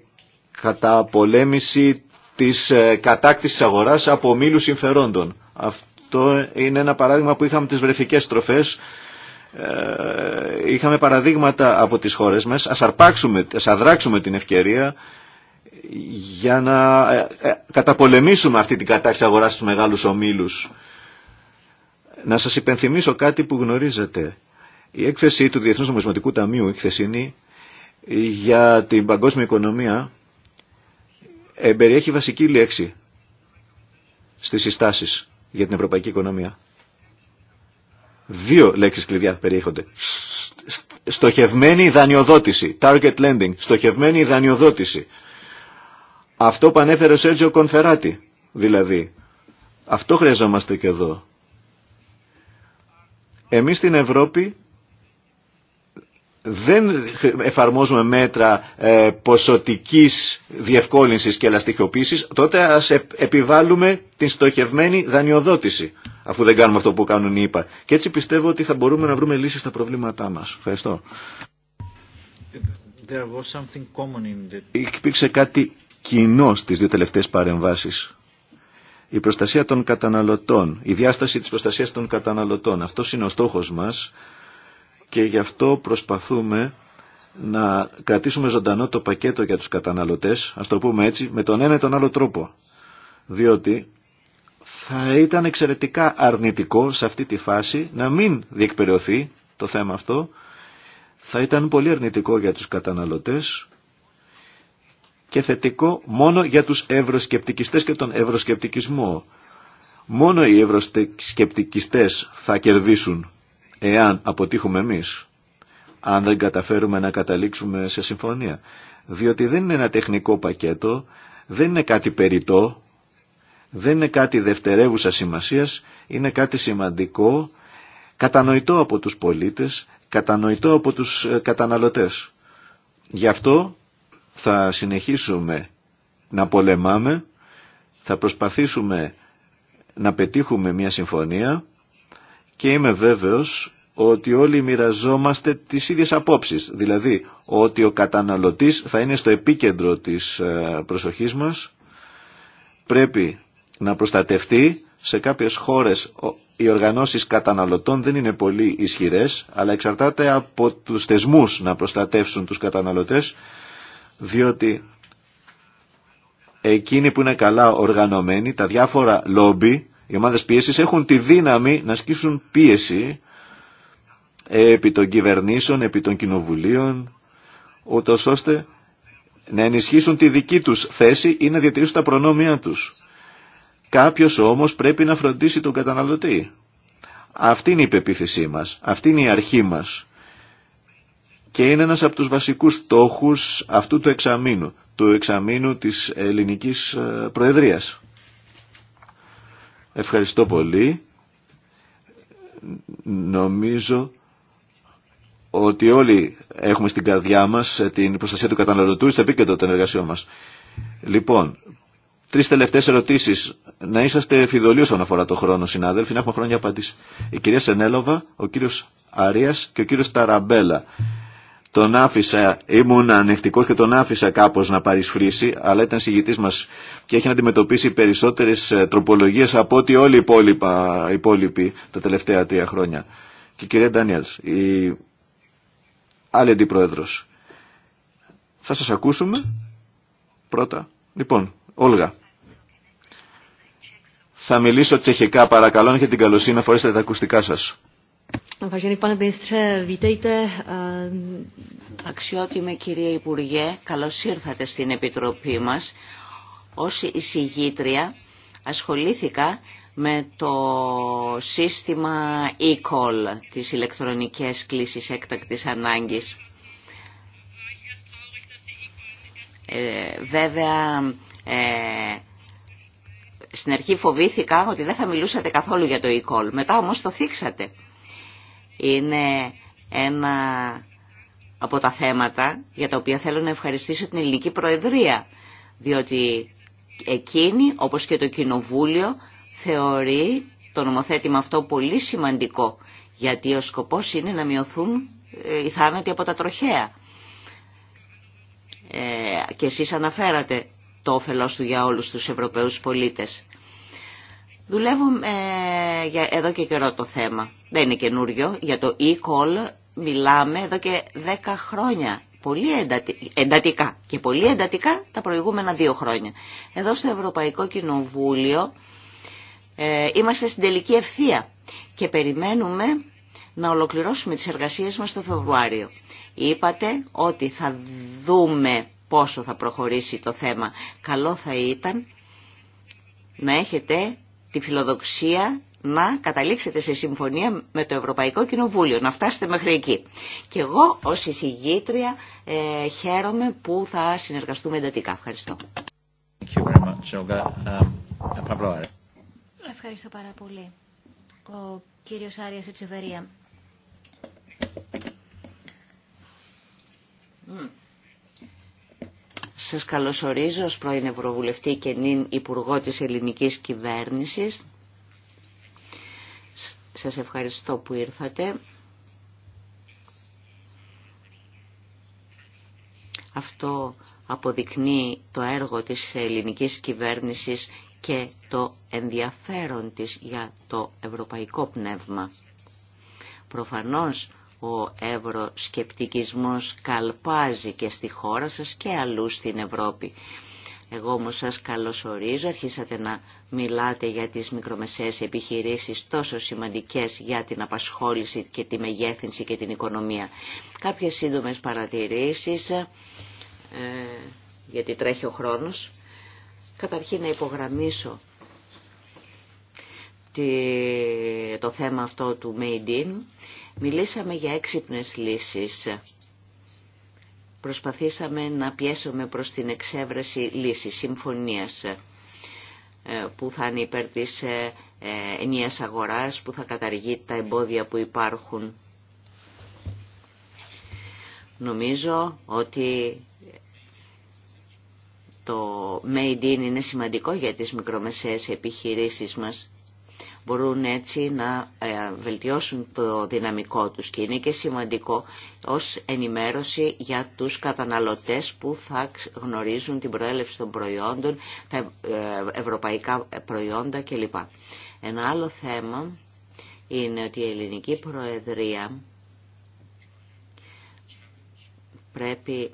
καταπολέμηση της ε, κατάκτησης αγοράς από ομιλού συμφερόντων. Αυτό είναι ένα παράδειγμα που είχαμε τις βρεφικές τροφές. Ε, είχαμε παραδείγματα από τις χώρες μας. Ας, αρπάξουμε, ας αδράξουμε την ευκαιρία για να ε, καταπολεμήσουμε αυτή την κατάκτηση αγοράς στους μεγάλους ομίλους να σας υπενθυμίσω κάτι που γνωρίζετε. Η έκθεση του Διεθνούς Νομισματικού Ταμείου, η χθεσινή, για την παγκόσμια οικονομία, περιέχει βασική λέξη στις συστάσεις για την ευρωπαϊκή οικονομία. Δύο λέξεις κλειδιά περιέχονται. Στοχευμένη δανειοδότηση, target lending, στοχευμένη δανειοδότηση. Αυτό που ανέφερε ο Σέρτζιο Κονφεράτη, δηλαδή. Αυτό χρειαζόμαστε και εδώ. Εμείς στην Ευρώπη δεν εφαρμόζουμε μέτρα ε, ποσοτικής διευκόλυνσης και ελαστικοποίησης, τότε ας επιβάλλουμε την στοχευμένη δανειοδότηση, αφού δεν κάνουμε αυτό που κάνουν οι ΙΠΑ. Και έτσι πιστεύω ότι θα μπορούμε να βρούμε λύσεις στα προβλήματά μας. Ευχαριστώ. There Υπήρξε κάτι κοινό στις δύο τελευταίες παρεμβάσεις. Η προστασία των καταναλωτών, η διάσταση της προστασίας των καταναλωτών. Αυτός είναι ο στόχος μας και γι' αυτό προσπαθούμε να κρατήσουμε ζωντανό το πακέτο για τους καταναλωτές, ας το πούμε έτσι, με τον ένα ή τον άλλο τρόπο. Διότι θα ήταν εξαιρετικά αρνητικό σε αυτή τη φάση να μην διεκπαιρεωθεί το θέμα αυτό. Θα ήταν πολύ αρνητικό για τους καταναλωτές και θετικό μόνο για τους ευρωσκεπτικιστές και τον ευρωσκεπτικισμό. Μόνο οι ευρωσκεπτικιστές θα κερδίσουν εάν αποτύχουμε εμείς, αν δεν καταφέρουμε να καταλήξουμε σε συμφωνία. Διότι δεν είναι ένα τεχνικό πακέτο, δεν είναι κάτι περιττό, δεν είναι κάτι δευτερεύουσα σημασίας, είναι κάτι σημαντικό, κατανοητό από τους πολίτες, κατανοητό από τους ε, καταναλωτές. Γι' αυτό θα συνεχίσουμε να πολεμάμε, θα προσπαθήσουμε να πετύχουμε μια συμφωνία και είμαι βέβαιος ότι όλοι μοιραζόμαστε τις ίδιες απόψεις. Δηλαδή ότι ο καταναλωτής θα είναι στο επίκεντρο της ε, προσοχής μας, πρέπει να προστατευτεί. Σε κάποιες χώρες οι οργανώσεις καταναλωτών δεν είναι πολύ ισχυρές, αλλά εξαρτάται από τους θεσμούς να προστατεύσουν τους καταναλωτές διότι εκείνοι που είναι καλά οργανωμένοι, τα διάφορα λόμπι, οι ομάδες πίεσης έχουν τη δύναμη να ασκήσουν πίεση επί των κυβερνήσεων, επί των κοινοβουλίων, ούτως ώστε να ενισχύσουν τη δική τους θέση ή να διατηρήσουν τα προνόμια τους. Κάποιος όμως πρέπει να φροντίσει τον καταναλωτή. Αυτή είναι η πεποίθησή μας, αυτή είναι η αρχή μας και είναι ένας από τους βασικούς στόχους αυτού του εξαμήνου, του εξαμήνου της ελληνικής ε, προεδρίας. Ευχαριστώ πολύ. Νομίζω ότι όλοι έχουμε στην καρδιά μας ε, την προστασία του καταναλωτού στο επίκεντρο των εργασιών μας. Λοιπόν, τρεις τελευταίες ερωτήσεις. Να είσαστε φιδωλίους όσον αφορά το χρόνο, συνάδελφοι, να έχουμε χρόνο για απαντήσει. Η κυρία Σενέλοβα, ο κύριος Αρίας και ο κύριος Ταραμπέλα. Τον άφησα, ήμουν ανεκτικό και τον άφησα κάπω να παρισφρήσει, αλλά ήταν συγγητή μα και έχει να αντιμετωπίσει περισσότερε τροπολογίε από ό,τι όλοι οι υπόλοιπα, υπόλοιποι τα τελευταία τρία χρόνια. Και κυρία Ντανιέλ, η άλλη αντιπρόεδρο. Θα σα ακούσουμε πρώτα. Λοιπόν, Όλγα. Θα μιλήσω τσεχικά, παρακαλώ, αν έχετε την καλοσύνη να φορέσετε τα ακουστικά σας. Ε, Vážený ε, Αξιότιμε κυρία Υπουργέ, καλώς ήρθατε στην Επιτροπή μας. Ως εισηγήτρια ασχολήθηκα με το σύστημα e-call, τις ηλεκτρονικές κλήσεις έκτακτης ανάγκης. Ε, βέβαια, ε, στην αρχή φοβήθηκα ότι δεν θα μιλούσατε καθόλου για το e-call. Μετά όμως το θίξατε είναι ένα από τα θέματα για τα οποία θέλω να ευχαριστήσω την ελληνική προεδρία, διότι εκείνη, όπως και το Κοινοβούλιο, θεωρεί το νομοθέτημα αυτό πολύ σημαντικό, γιατί ο σκοπός είναι να μειωθούν ε, οι θάνατοι από τα τροχαία. Ε, και εσείς αναφέρατε το όφελός του για όλους τους Ευρωπαίους πολίτες. Δουλεύουμε ε, για εδώ και καιρό το θέμα. Δεν είναι καινούριο. Για το e-call μιλάμε εδώ και δέκα χρόνια. Πολύ εντατικά και πολύ εντατικά τα προηγούμενα δύο χρόνια. Εδώ στο Ευρωπαϊκό Κοινοβούλιο ε, είμαστε στην τελική ευθεία και περιμένουμε να ολοκληρώσουμε τις εργασίες μας το Φεβρουάριο. Είπατε ότι θα δούμε πόσο θα προχωρήσει το θέμα. Καλό θα ήταν να έχετε τη φιλοδοξία να καταλήξετε σε συμφωνία με το Ευρωπαϊκό Κοινοβούλιο, να φτάσετε μέχρι εκεί. Και εγώ ως εισηγήτρια ε, χαίρομαι που θα συνεργαστούμε εντατικά. Ευχαριστώ. Um, Ευχαριστώ πάρα πολύ. Ο κύριος Άριας Ετσεβερία. Mm. Σας καλωσορίζω ως πρώην Ευρωβουλευτή και νυν Υπουργό της Ελληνικής Κυβέρνησης. Σας ευχαριστώ που ήρθατε. Αυτό αποδεικνύει το έργο της ελληνικής κυβέρνησης και το ενδιαφέρον της για το ευρωπαϊκό πνεύμα. Προφανώς ο ευρωσκεπτικισμός καλπάζει και στη χώρα σας και αλλού στην Ευρώπη. Εγώ όμως σας καλωσορίζω, αρχίσατε να μιλάτε για τις μικρομεσαίες επιχειρήσεις τόσο σημαντικές για την απασχόληση και τη μεγέθυνση και την οικονομία. Κάποιες σύντομες παρατηρήσεις, ε, γιατί τρέχει ο χρόνος. Καταρχήν να υπογραμμίσω το θέμα αυτό του Made in Μιλήσαμε για έξυπνες λύσεις. Προσπαθήσαμε να πιέσουμε προς την εξέβρεση λύσης, συμφωνίας ε, που θα είναι υπέρ της ε, ε, ενίας αγοράς, που θα καταργεί τα εμπόδια που υπάρχουν. Νομίζω ότι το made in είναι σημαντικό για τις μικρομεσαίες επιχειρήσεις μας μπορούν έτσι να ε, βελτιώσουν το δυναμικό τους και είναι και σημαντικό ως ενημέρωση για τους καταναλωτές που θα γνωρίζουν την προέλευση των προϊόντων, τα ε, ευρωπαϊκά προϊόντα κλπ. Ένα άλλο θέμα είναι ότι η ελληνική προεδρία πρέπει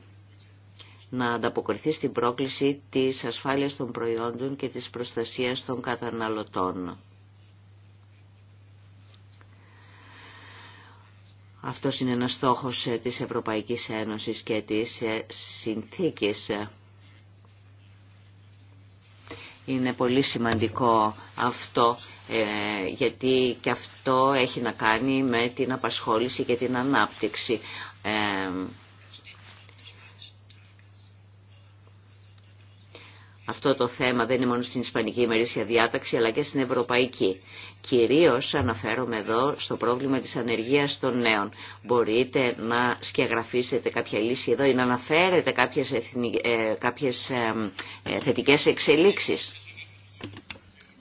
να ανταποκριθεί στην πρόκληση της ασφάλειας των προϊόντων και της προστασίας των καταναλωτών. Αυτός είναι ένας στόχος ε, της Ευρωπαϊκής Ένωσης και της ε, συνθήκης. Είναι πολύ σημαντικό αυτό, ε, γιατί και αυτό έχει να κάνει με την απασχόληση και την ανάπτυξη. αυτό το θέμα δεν είναι μόνο στην Ισπανική ημερήσια διάταξη αλλά και στην Ευρωπαϊκή. Κυρίως αναφέρομαι εδώ στο πρόβλημα της ανεργίας των νέων. Μπορείτε να σκεγγραφίσετε κάποια λύση εδώ ή να αναφέρετε κάποιες, εθνικ... Ε, κάποιες ε, ε, θετικές εξελίξεις.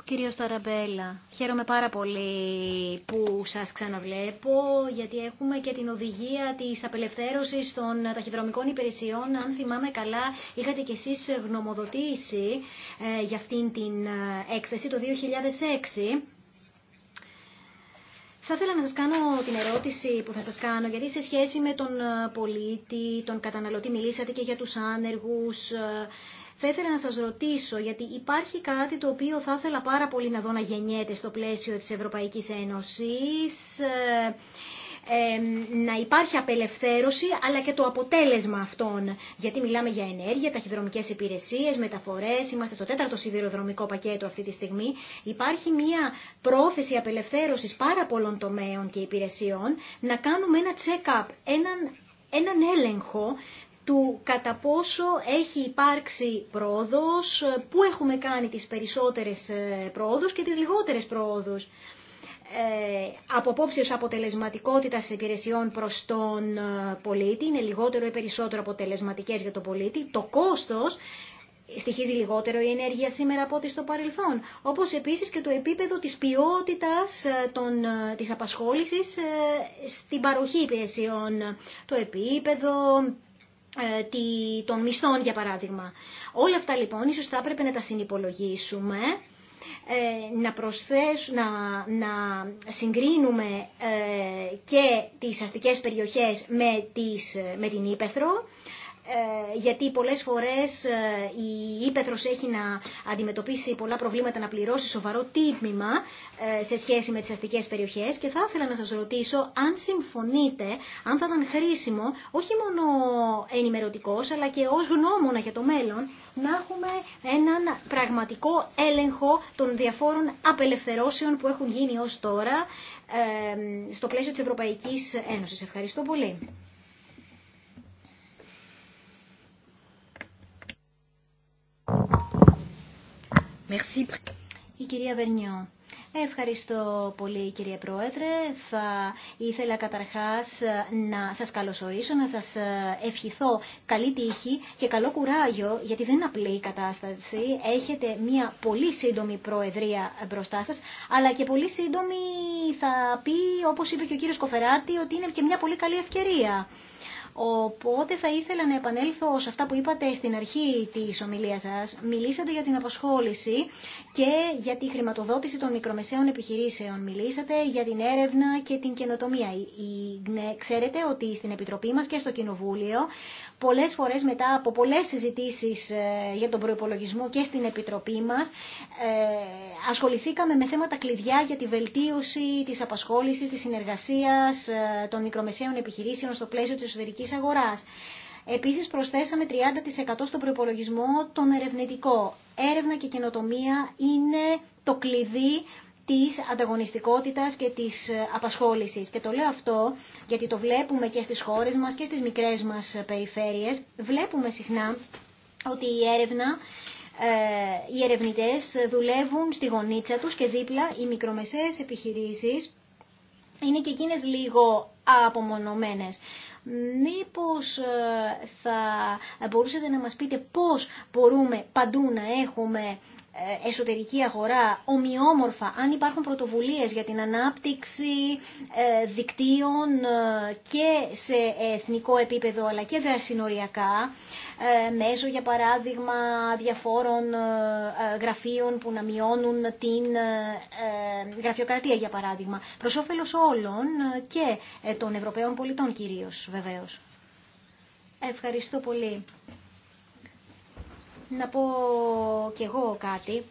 Κύριο Σταραμπέλα, χαίρομαι πάρα πολύ που σας ξαναβλέπω, γιατί έχουμε και την οδηγία της απελευθέρωσης των ταχυδρομικών υπηρεσιών. Αν θυμάμαι καλά, είχατε κι εσείς γνωμοδοτήσει ε, για αυτήν την ε, έκθεση το 2006. Θα ήθελα να σας κάνω την ερώτηση που θα σας κάνω, γιατί σε σχέση με τον ε, πολίτη, τον καταναλωτή, μιλήσατε και για τους άνεργους, θα ήθελα να σας ρωτήσω, γιατί υπάρχει κάτι το οποίο θα ήθελα πάρα πολύ να δω να γεννιέται στο πλαίσιο της Ευρωπαϊκής Ένωσης, ε, ε, να υπάρχει απελευθέρωση αλλά και το αποτέλεσμα αυτών. Γιατί μιλάμε για ενέργεια, ταχυδρομικές υπηρεσίες, μεταφορές, είμαστε στο τέταρτο σιδηροδρομικό πακέτο αυτή τη στιγμή. Υπάρχει μια πρόθεση απελευθέρωσης πάρα πολλών τομέων και υπηρεσιών να κάνουμε ένα check-up, έναν έναν έλεγχο του κατά πόσο έχει υπάρξει πρόοδος, πού έχουμε κάνει τις περισσότερες ε, πρόοδους και τις λιγότερες πρόοδους. Ε, από απόψεως αποτελεσματικότητας υπηρεσιών προς τον ε, πολίτη, είναι λιγότερο ή περισσότερο αποτελεσματικές για τον πολίτη. Το κόστος στοιχίζει λιγότερο η ενέργεια σήμερα από ό,τι στο παρελθόν. Όπως επίσης και το επίπεδο της ποιότητας των, της απασχόλησης στην παροχή υπηρεσιών. Το επίπεδο ε, των μισθών για παράδειγμα. Όλα αυτά λοιπόν ίσως θα έπρεπε να τα συνυπολογίσουμε ε, να, προσθέσουμε να, να συγκρίνουμε ε, και τις αστικές περιοχές με, τις, με την Ήπεθρο ε, γιατί πολλές φορές ε, η Ήπεθρος έχει να αντιμετωπίσει πολλά προβλήματα να πληρώσει σοβαρό τίμημα ε, σε σχέση με τις αστικές περιοχές και θα ήθελα να σας ρωτήσω αν συμφωνείτε, αν θα ήταν χρήσιμο όχι μόνο ενημερωτικός αλλά και ως γνώμονα για το μέλλον να έχουμε έναν πραγματικό έλεγχο των διαφόρων απελευθερώσεων που έχουν γίνει ως τώρα στο πλαίσιο της Ευρωπαϊκής Ένωσης. Ευχαριστώ πολύ. Merci. Η κυρία Βερνιό. Ευχαριστώ πολύ κύριε Πρόεδρε. Θα ήθελα καταρχάς ε, να σας καλωσορίσω, να σας ε, ευχηθώ καλή τύχη και καλό κουράγιο, γιατί δεν είναι απλή η κατάσταση. Έχετε μια πολύ σύντομη προεδρία μπροστά σας, αλλά και πολύ σύντομη θα πει, όπως είπε και ο κύριος Κοφεράτη, ότι είναι και μια πολύ καλή ευκαιρία. Οπότε θα ήθελα να επανέλθω σε αυτά που είπατε στην αρχή της ομιλίας σας. Μιλήσατε για την απασχόληση και για τη χρηματοδότηση των μικρομεσαίων επιχειρήσεων. Μιλήσατε για την έρευνα και την καινοτομία. Ξέρετε ότι στην Επιτροπή μας και στο Κοινοβούλιο πολλές φορές μετά από πολλές συζητήσεις ε, για τον προϋπολογισμό και στην Επιτροπή μας ε, ασχοληθήκαμε με θέματα κλειδιά για τη βελτίωση της απασχόλησης, της συνεργασίας ε, των μικρομεσαίων επιχειρήσεων στο πλαίσιο της εσωτερικής αγοράς. Επίσης προσθέσαμε 30% στον προϋπολογισμό τον ερευνητικό. Έρευνα και καινοτομία είναι το κλειδί της ανταγωνιστικότητας και της ε, απασχόλησης. Και το λέω αυτό γιατί το βλέπουμε και στις χώρες μας και στις μικρές μας περιφέρειες. Βλέπουμε συχνά ότι η έρευνα ε, οι ερευνητές δουλεύουν στη γονίτσα τους και δίπλα οι μικρομεσαίες επιχειρήσεις είναι και εκείνες λίγο απομονωμένες μήπως ε, θα μπορούσατε να μας πείτε πώς μπορούμε παντού να έχουμε ε, εσωτερική αγορά ομοιόμορφα, αν υπάρχουν πρωτοβουλίες για την ανάπτυξη ε, δικτύων και σε εθνικό επίπεδο αλλά και δρασυνοριακά, ε, μέσω για παράδειγμα διαφόρων ε, ε, γραφείων που να μειώνουν την γραφειοκρατία για παράδειγμα. Προς όφελος όλων και των Ευρωπαίων πολιτών κυρίως βεβαίως. Ευχαριστώ πολύ. Να πω κι εγώ κάτι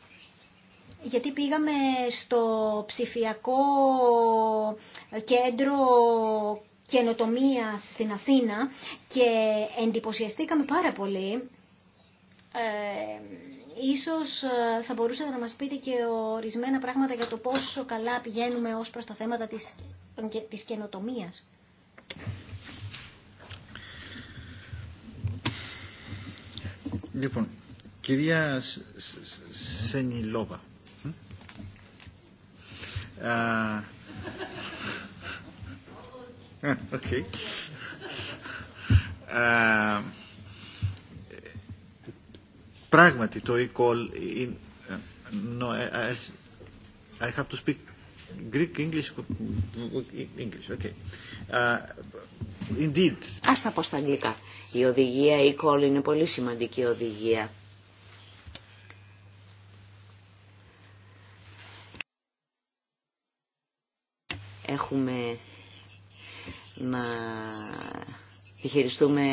γιατί πήγαμε στο ψηφιακό κέντρο καινοτομία στην Αθήνα και εντυπωσιαστήκαμε πάρα πολύ. Ε, ίσως ε, θα μπορούσατε να μας πείτε και ορισμένα πράγματα για το πόσο καλά πηγαίνουμε ως προς τα θέματα της, της καινοτομίας. Λοιπόν, κυρία Σενιλόβα, ε, okay. Ε, πράγματι το e-call ε, no, I, ε, I have to speak Greek, English, English, okay. Uh, indeed. Ας τα πω στα αγγλικά. Η οδηγία e-call είναι πολύ σημαντική οδηγία. Έχουμε να διχειριστούμε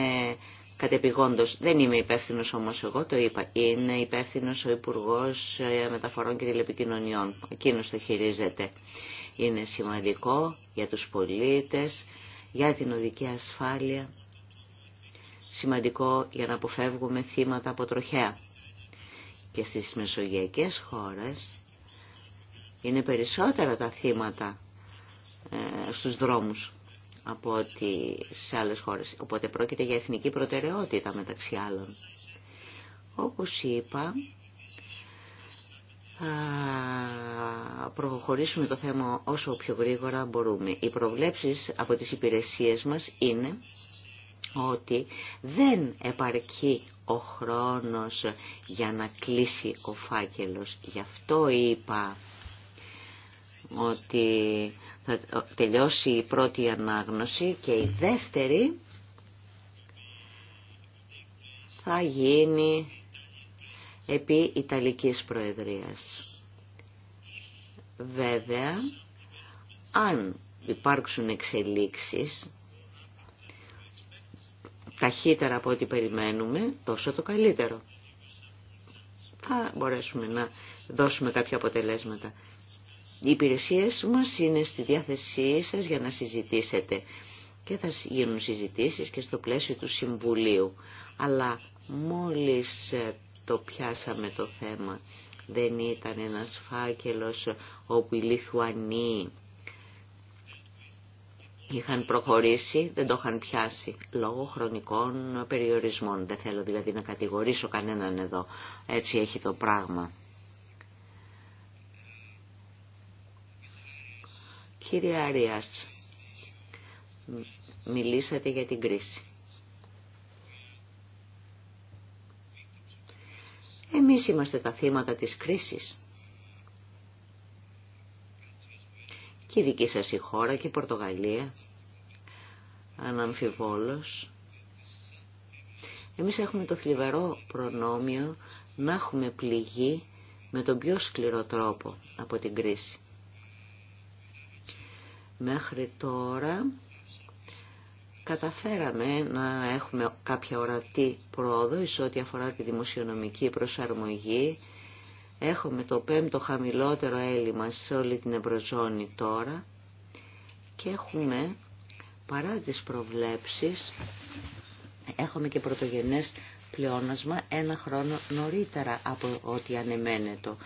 κατεπηγόντως. Δεν είμαι υπεύθυνο όμως εγώ, το είπα. Είναι υπεύθυνο ο υπουργό ε, Μεταφορών και Τηλεπικοινωνιών. Εκείνο το χειρίζεται. Είναι σημαντικό για τους πολίτες, για την οδική ασφάλεια. Σημαντικό για να αποφεύγουμε θύματα από τροχέα. Και στις μεσογειακές χώρες είναι περισσότερα τα θύματα ε, στους δρόμους από ότι σε άλλες χώρες. Οπότε πρόκειται για εθνική προτεραιότητα μεταξύ άλλων. Όπως είπα, θα προχωρήσουμε το θέμα όσο πιο γρήγορα μπορούμε. Οι προβλέψεις από τις υπηρεσίες μας είναι ότι δεν επαρκεί ο χρόνος για να κλείσει ο φάκελος. Γι' αυτό είπα ότι θα τελειώσει η πρώτη ανάγνωση και η δεύτερη θα γίνει επί Ιταλικής Προεδρίας. Βέβαια, αν υπάρξουν εξελίξεις, ταχύτερα από ό,τι περιμένουμε, τόσο το καλύτερο. Θα μπορέσουμε να δώσουμε κάποια αποτελέσματα. Οι υπηρεσίες μας είναι στη διάθεσή σας για να συζητήσετε και θα γίνουν συζητήσεις και στο πλαίσιο του Συμβουλίου. Αλλά μόλις ε, το πιάσαμε το θέμα, δεν ήταν ένας φάκελος όπου οι Λιθουανοί είχαν προχωρήσει, δεν το είχαν πιάσει, λόγω χρονικών περιορισμών. Δεν θέλω δηλαδή να κατηγορήσω κανέναν εδώ. Έτσι έχει το πράγμα. Κύριε Αριάς, μιλήσατε για την κρίση. Εμείς είμαστε τα θύματα της κρίσης. Και η δική σας η χώρα και η Πορτογαλία, αναμφιβόλως. Εμείς έχουμε το θλιβερό προνόμιο να έχουμε πληγεί με τον πιο σκληρό τρόπο από την κρίση. Μέχρι τώρα καταφέραμε να έχουμε κάποια ορατή πρόοδο σε ό,τι αφορά τη δημοσιονομική προσαρμογή. Έχουμε το πέμπτο χαμηλότερο έλλειμμα σε όλη την Ευρωζώνη τώρα και έχουμε παρά τις προβλέψεις έχουμε και πρωτογενές πλεόνασμα ένα χρόνο νωρίτερα από ό,τι ανεμένετο.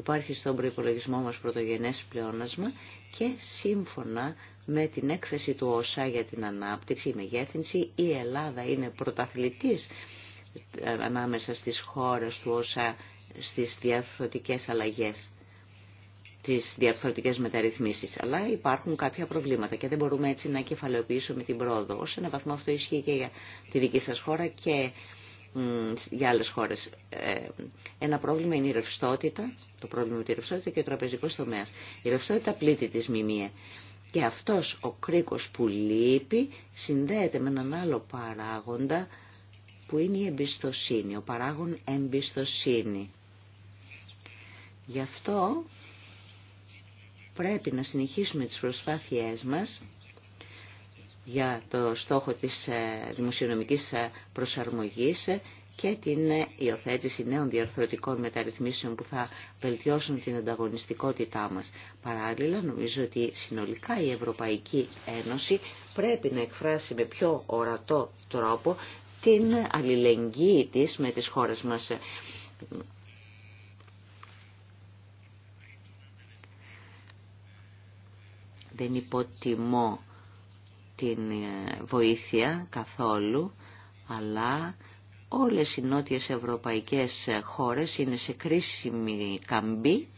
Υπάρχει στον προϋπολογισμό μας πρωτογενές πλεόνασμα και σύμφωνα με την έκθεση του ΩΣΑ για την ανάπτυξη, η μεγέθυνση, η Ελλάδα είναι πρωταθλητής ανάμεσα στις χώρες του ΩΣΑ στις διαφορετικές αλλαγές τις διαφορετικές μεταρρυθμίσεις. Αλλά υπάρχουν κάποια προβλήματα και δεν μπορούμε έτσι να κεφαλαιοποιήσουμε την πρόοδο. Ως ένα βαθμό αυτό ισχύει και για τη δική σας χώρα και για άλλες χώρες. Ε, ένα πρόβλημα είναι η ρευστότητα, το πρόβλημα με τη ρευστότητα και ο τραπεζικό τομέα. Η ρευστότητα πλήττει τη μιμία. Και αυτός ο κρίκος που λείπει συνδέεται με έναν άλλο παράγοντα που είναι η εμπιστοσύνη, ο παράγον εμπιστοσύνη. Γι' αυτό πρέπει να συνεχίσουμε τις προσπάθειές μας για το στόχο της ε, δημοσιονομικής ε, προσαρμογής και την ε, υιοθέτηση νέων διαρθρωτικών μεταρρυθμίσεων που θα βελτιώσουν την ανταγωνιστικότητά μας. Παράλληλα, νομίζω ότι συνολικά η Ευρωπαϊκή Ένωση πρέπει να εκφράσει με πιο ορατό τρόπο την αλληλεγγύη της με τις χώρες μας. Δεν υποτιμώ την ε, βοήθεια καθόλου, αλλά όλες οι νότιες ευρωπαϊκές χώρες είναι σε κρίσιμη καμπή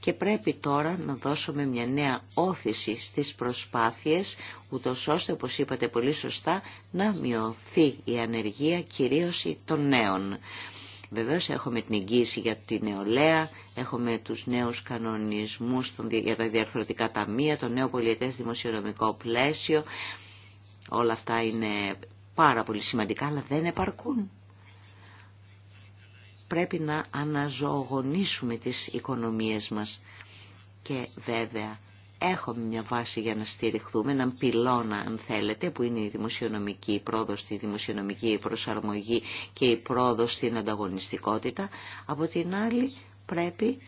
και πρέπει τώρα να δώσουμε μια νέα όθηση στις προσπάθειες, ούτω ώστε, όπως είπατε πολύ σωστά, να μειωθεί η ανεργία κυρίως των νέων. Βεβαίως έχουμε την εγγύηση για την νεολαία, έχουμε τους νέους κανονισμούς για τα διαρθρωτικά ταμεία, το νέο πολιετές δημοσιονομικό πλαίσιο. Όλα αυτά είναι πάρα πολύ σημαντικά, αλλά δεν επαρκούν. Πρέπει να αναζωογονήσουμε τις οικονομίες μας. Και βέβαια έχουμε μια βάση για να στηριχθούμε, έναν πυλώνα αν θέλετε, που είναι η δημοσιονομική η πρόοδος στη δημοσιονομική προσαρμογή και η πρόοδος στην ανταγωνιστικότητα. Από την άλλη πρέπει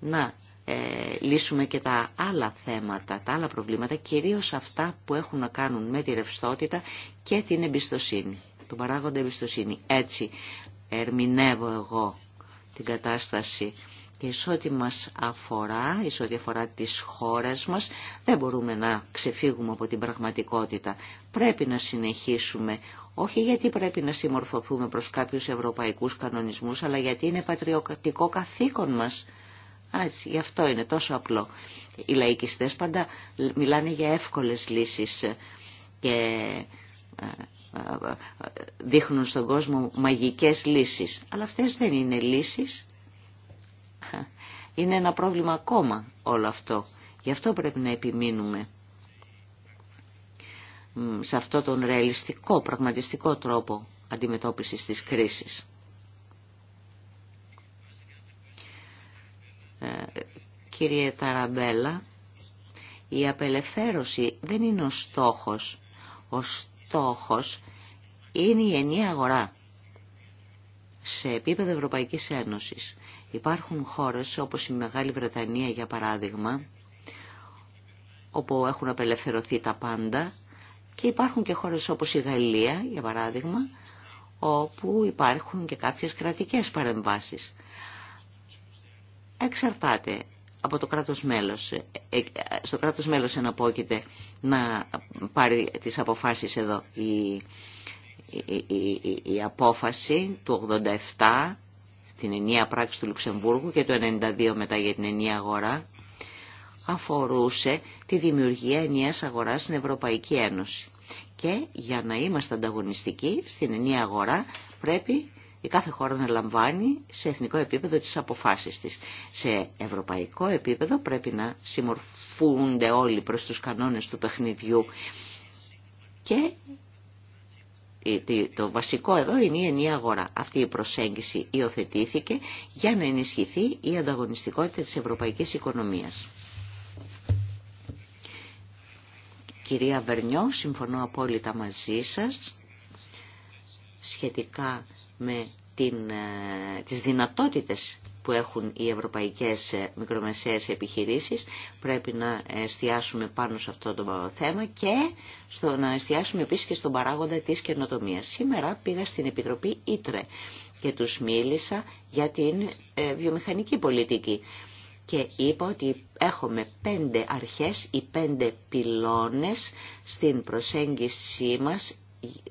να ε, λύσουμε και τα άλλα θέματα, τα άλλα προβλήματα, κυρίως αυτά που έχουν να κάνουν με τη ρευστότητα και την εμπιστοσύνη, τον παράγοντα εμπιστοσύνη. Έτσι ερμηνεύω εγώ την κατάσταση και σε ό,τι μας αφορά, σε ό,τι αφορά τις χώρες μας, δεν μπορούμε να ξεφύγουμε από την πραγματικότητα. Πρέπει να συνεχίσουμε, όχι γιατί πρέπει να συμμορφωθούμε προς κάποιους ευρωπαϊκούς κανονισμούς, αλλά γιατί είναι πατριωτικό καθήκον μας. γι' αυτό είναι τόσο απλό. Οι λαϊκιστές πάντα μιλάνε για εύκολες λύσεις και ε, ε, ε, δείχνουν στον κόσμο μαγικές λύσεις. Αλλά αυτές δεν είναι λύσεις, είναι ένα πρόβλημα ακόμα όλο αυτό. Γι' αυτό πρέπει να επιμείνουμε σε αυτό τον ρεαλιστικό, πραγματιστικό τρόπο αντιμετώπισης της κρίσης. Ε, κύριε Ταραμπέλα, η απελευθέρωση δεν είναι ο στόχος. Ο στόχος είναι η ενιαία αγορά σε επίπεδο Ευρωπαϊκής Ένωσης. Υπάρχουν χώρες όπως η Μεγάλη Βρετανία για παράδειγμα, όπου έχουν απελευθερωθεί τα πάντα και υπάρχουν και χώρες όπως η Γαλλία για παράδειγμα, όπου υπάρχουν και κάποιες κρατικές παρεμβάσεις. Εξαρτάται από το κράτος μέλος. Ε, στο κράτος μέλος εναπόκειται να πάρει τις αποφάσεις εδώ η, η απόφαση του 87 την ενία πράξη του Λουξεμβούργου και το 1992 μετά για την ενία αγορά, αφορούσε τη δημιουργία ενιαίας αγοράς στην Ευρωπαϊκή Ένωση. Και για να είμαστε ανταγωνιστικοί στην ενία αγορά πρέπει η κάθε χώρα να λαμβάνει σε εθνικό επίπεδο τις αποφάσεις της. Σε ευρωπαϊκό επίπεδο πρέπει να συμμορφούνται όλοι προς τους κανόνες του παιχνιδιού και ε, το βασικό εδώ είναι η ενιαία αγορά. Αυτή η προσέγγιση υιοθετήθηκε για να ενισχυθεί η ανταγωνιστικότητα της ευρωπαϊκής οικονομίας. Κυρία Βερνιό, συμφωνώ απόλυτα μαζί σας σχετικά με την, ε, τις δυνατότητες που έχουν οι ευρωπαϊκές ε, μικρομεσαίες επιχειρήσεις. Πρέπει να εστιάσουμε πάνω σε αυτό το θέμα και στο, να εστιάσουμε επίσης και στον παράγοντα της καινοτομίας. Σήμερα πήγα στην Επιτροπή Ήτρε και τους μίλησα για την ε, βιομηχανική πολιτική και είπα ότι έχουμε πέντε αρχές ή πέντε πυλώνες στην προσέγγιση μας,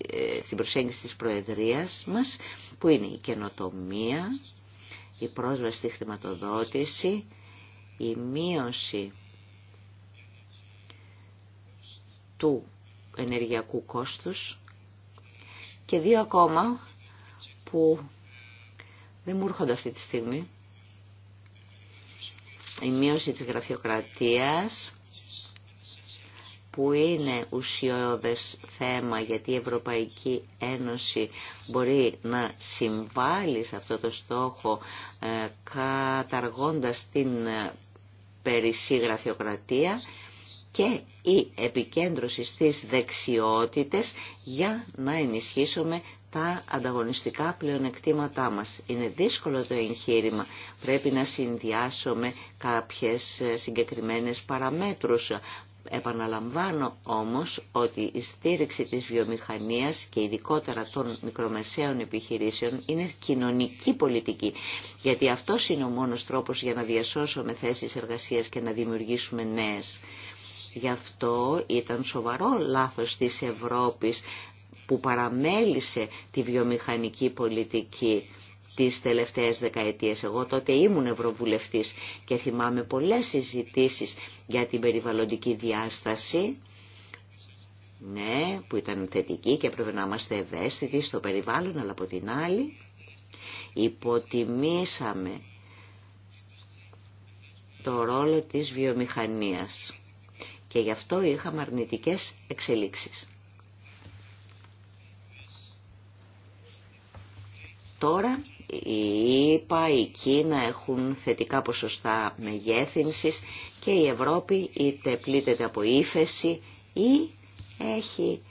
ε, στην προσέγγιση της Προεδρίας μας, που είναι η καινοτομία, η πρόσβαση στη χρηματοδότηση, η μείωση του ενεργειακού κόστους και δύο ακόμα που δεν μου έρχονται αυτή τη στιγμή. Η μείωση της γραφειοκρατίας που είναι ουσιώδες θέμα γιατί η Ευρωπαϊκή Ένωση μπορεί να συμβάλλει σε αυτό το στόχο ε, καταργώντας την ε, περισσή γραφειοκρατία και η επικέντρωση στις δεξιότητες για να ενισχύσουμε τα ανταγωνιστικά πλεονεκτήματά μας. Είναι δύσκολο το εγχείρημα. Πρέπει να συνδυάσουμε κάποιες ε, συγκεκριμένες παραμέτρους Επαναλαμβάνω όμως ότι η στήριξη της βιομηχανίας και ειδικότερα των μικρομεσαίων επιχειρήσεων είναι κοινωνική πολιτική, γιατί αυτό είναι ο μόνος τρόπος για να διασώσουμε θέσεις εργασίας και να δημιουργήσουμε νέες. Γι' αυτό ήταν σοβαρό λάθος της Ευρώπης που παραμέλησε τη βιομηχανική πολιτική τις τελευταίες δεκαετίες. Εγώ τότε ήμουν Ευρωβουλευτής και θυμάμαι πολλές συζητήσεις για την περιβαλλοντική διάσταση ναι, που ήταν θετική και πρέπει να είμαστε ευαίσθητοι στο περιβάλλον, αλλά από την άλλη υποτιμήσαμε το ρόλο της βιομηχανίας και γι' αυτό είχαμε αρνητικές εξελίξεις. Τώρα η ΕΠΑ, η Κίνα έχουν θετικά ποσοστά μεγέθυνσης και η Ευρώπη είτε πλήττεται από ύφεση ή έχει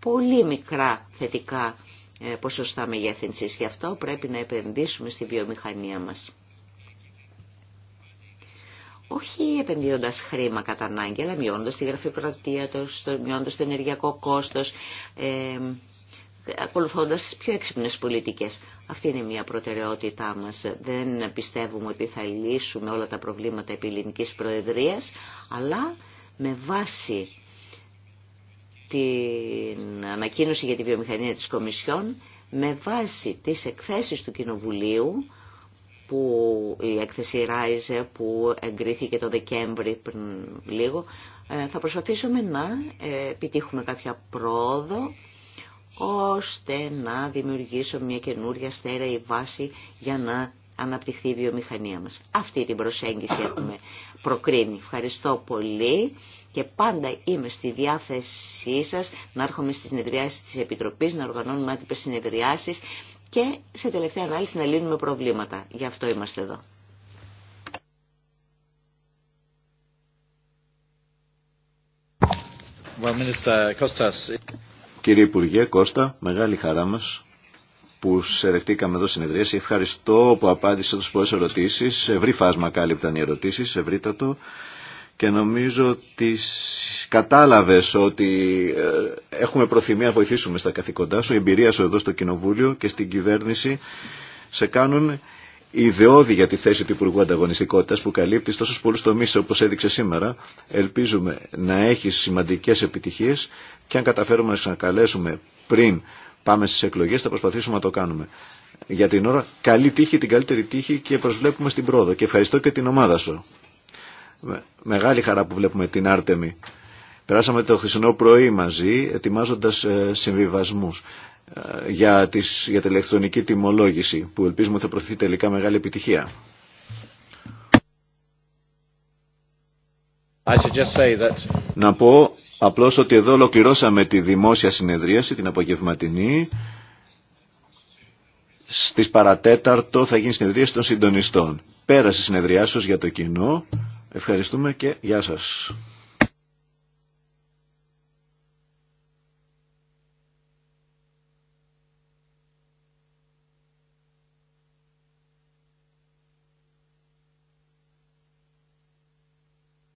πολύ μικρά θετικά ε, ποσοστά μεγέθυνσης. Γι' αυτό πρέπει να επενδύσουμε στη βιομηχανία μας. Όχι επενδύοντα χρήμα κατά ανάγκη, αλλά μειώνοντα τη γραφειοκρατία, μειώνοντα το ενεργειακό κόστο, ε, ακολουθώντας τις πιο έξυπνες πολιτικές. Αυτή είναι μια προτεραιότητά μας. Δεν πιστεύουμε ότι θα λύσουμε όλα τα προβλήματα επί ελληνικής προεδρίας, αλλά με βάση την ανακοίνωση για τη βιομηχανία της Κομισιόν, με βάση τις εκθέσεις του Κοινοβουλίου, που η έκθεση Ράιζε που εγκρίθηκε το Δεκέμβρη πριν λίγο, ε, θα προσπαθήσουμε να ε, επιτύχουμε κάποια πρόοδο ώστε να δημιουργήσω μια καινούρια στέρεη βάση για να αναπτυχθεί η βιομηχανία μας. Αυτή την προσέγγιση έχουμε προκρίνει. Ευχαριστώ πολύ και πάντα είμαι στη διάθεσή σας να έρχομαι στις συνεδριάσεις της Επιτροπής, να οργανώνουμε άτυπες συνεδριάσεις και σε τελευταία ανάλυση να λύνουμε προβλήματα. Γι' αυτό είμαστε εδώ. Κύριε Υπουργέ Κώστα, μεγάλη χαρά μας που σε δεχτήκαμε εδώ συνεδρίαση. Ευχαριστώ που απάντησε τους πολλές ερωτήσεις. Ευρύ φάσμα κάλυπταν οι ερωτήσεις, ευρύτατο. Και νομίζω ότι κατάλαβες ότι ε, έχουμε προθυμία να βοηθήσουμε στα καθήκοντά σου. Η εμπειρία σου εδώ στο Κοινοβούλιο και στην κυβέρνηση σε κάνουν ιδεώδη για τη θέση του Υπουργού Ανταγωνιστικότητας που καλύπτει τόσους πολλούς τομείς όπως έδειξε σήμερα. Ελπίζουμε να έχει σημαντικές επιτυχίες και αν καταφέρουμε να ξανακαλέσουμε πριν πάμε στις εκλογές θα προσπαθήσουμε να το κάνουμε. Για την ώρα καλή τύχη, την καλύτερη τύχη και προσβλέπουμε στην πρόοδο και ευχαριστώ και την ομάδα σου. Μεγάλη χαρά που βλέπουμε την Άρτεμη. Περάσαμε το χρυσό πρωί μαζί, ετοιμάζοντας ε, συμβιβασμού. Ε, για, τις, για την ηλεκτρονική τιμολόγηση που ελπίζουμε θα προωθεί τελικά μεγάλη επιτυχία. Να πω απλώς ότι εδώ ολοκληρώσαμε τη δημόσια συνεδρίαση την απογευματινή. Στις παρατέταρτο θα γίνει συνεδρίαση των συντονιστών. Πέρασε σας για το κοινό. Ευχαριστούμε και γεια σας.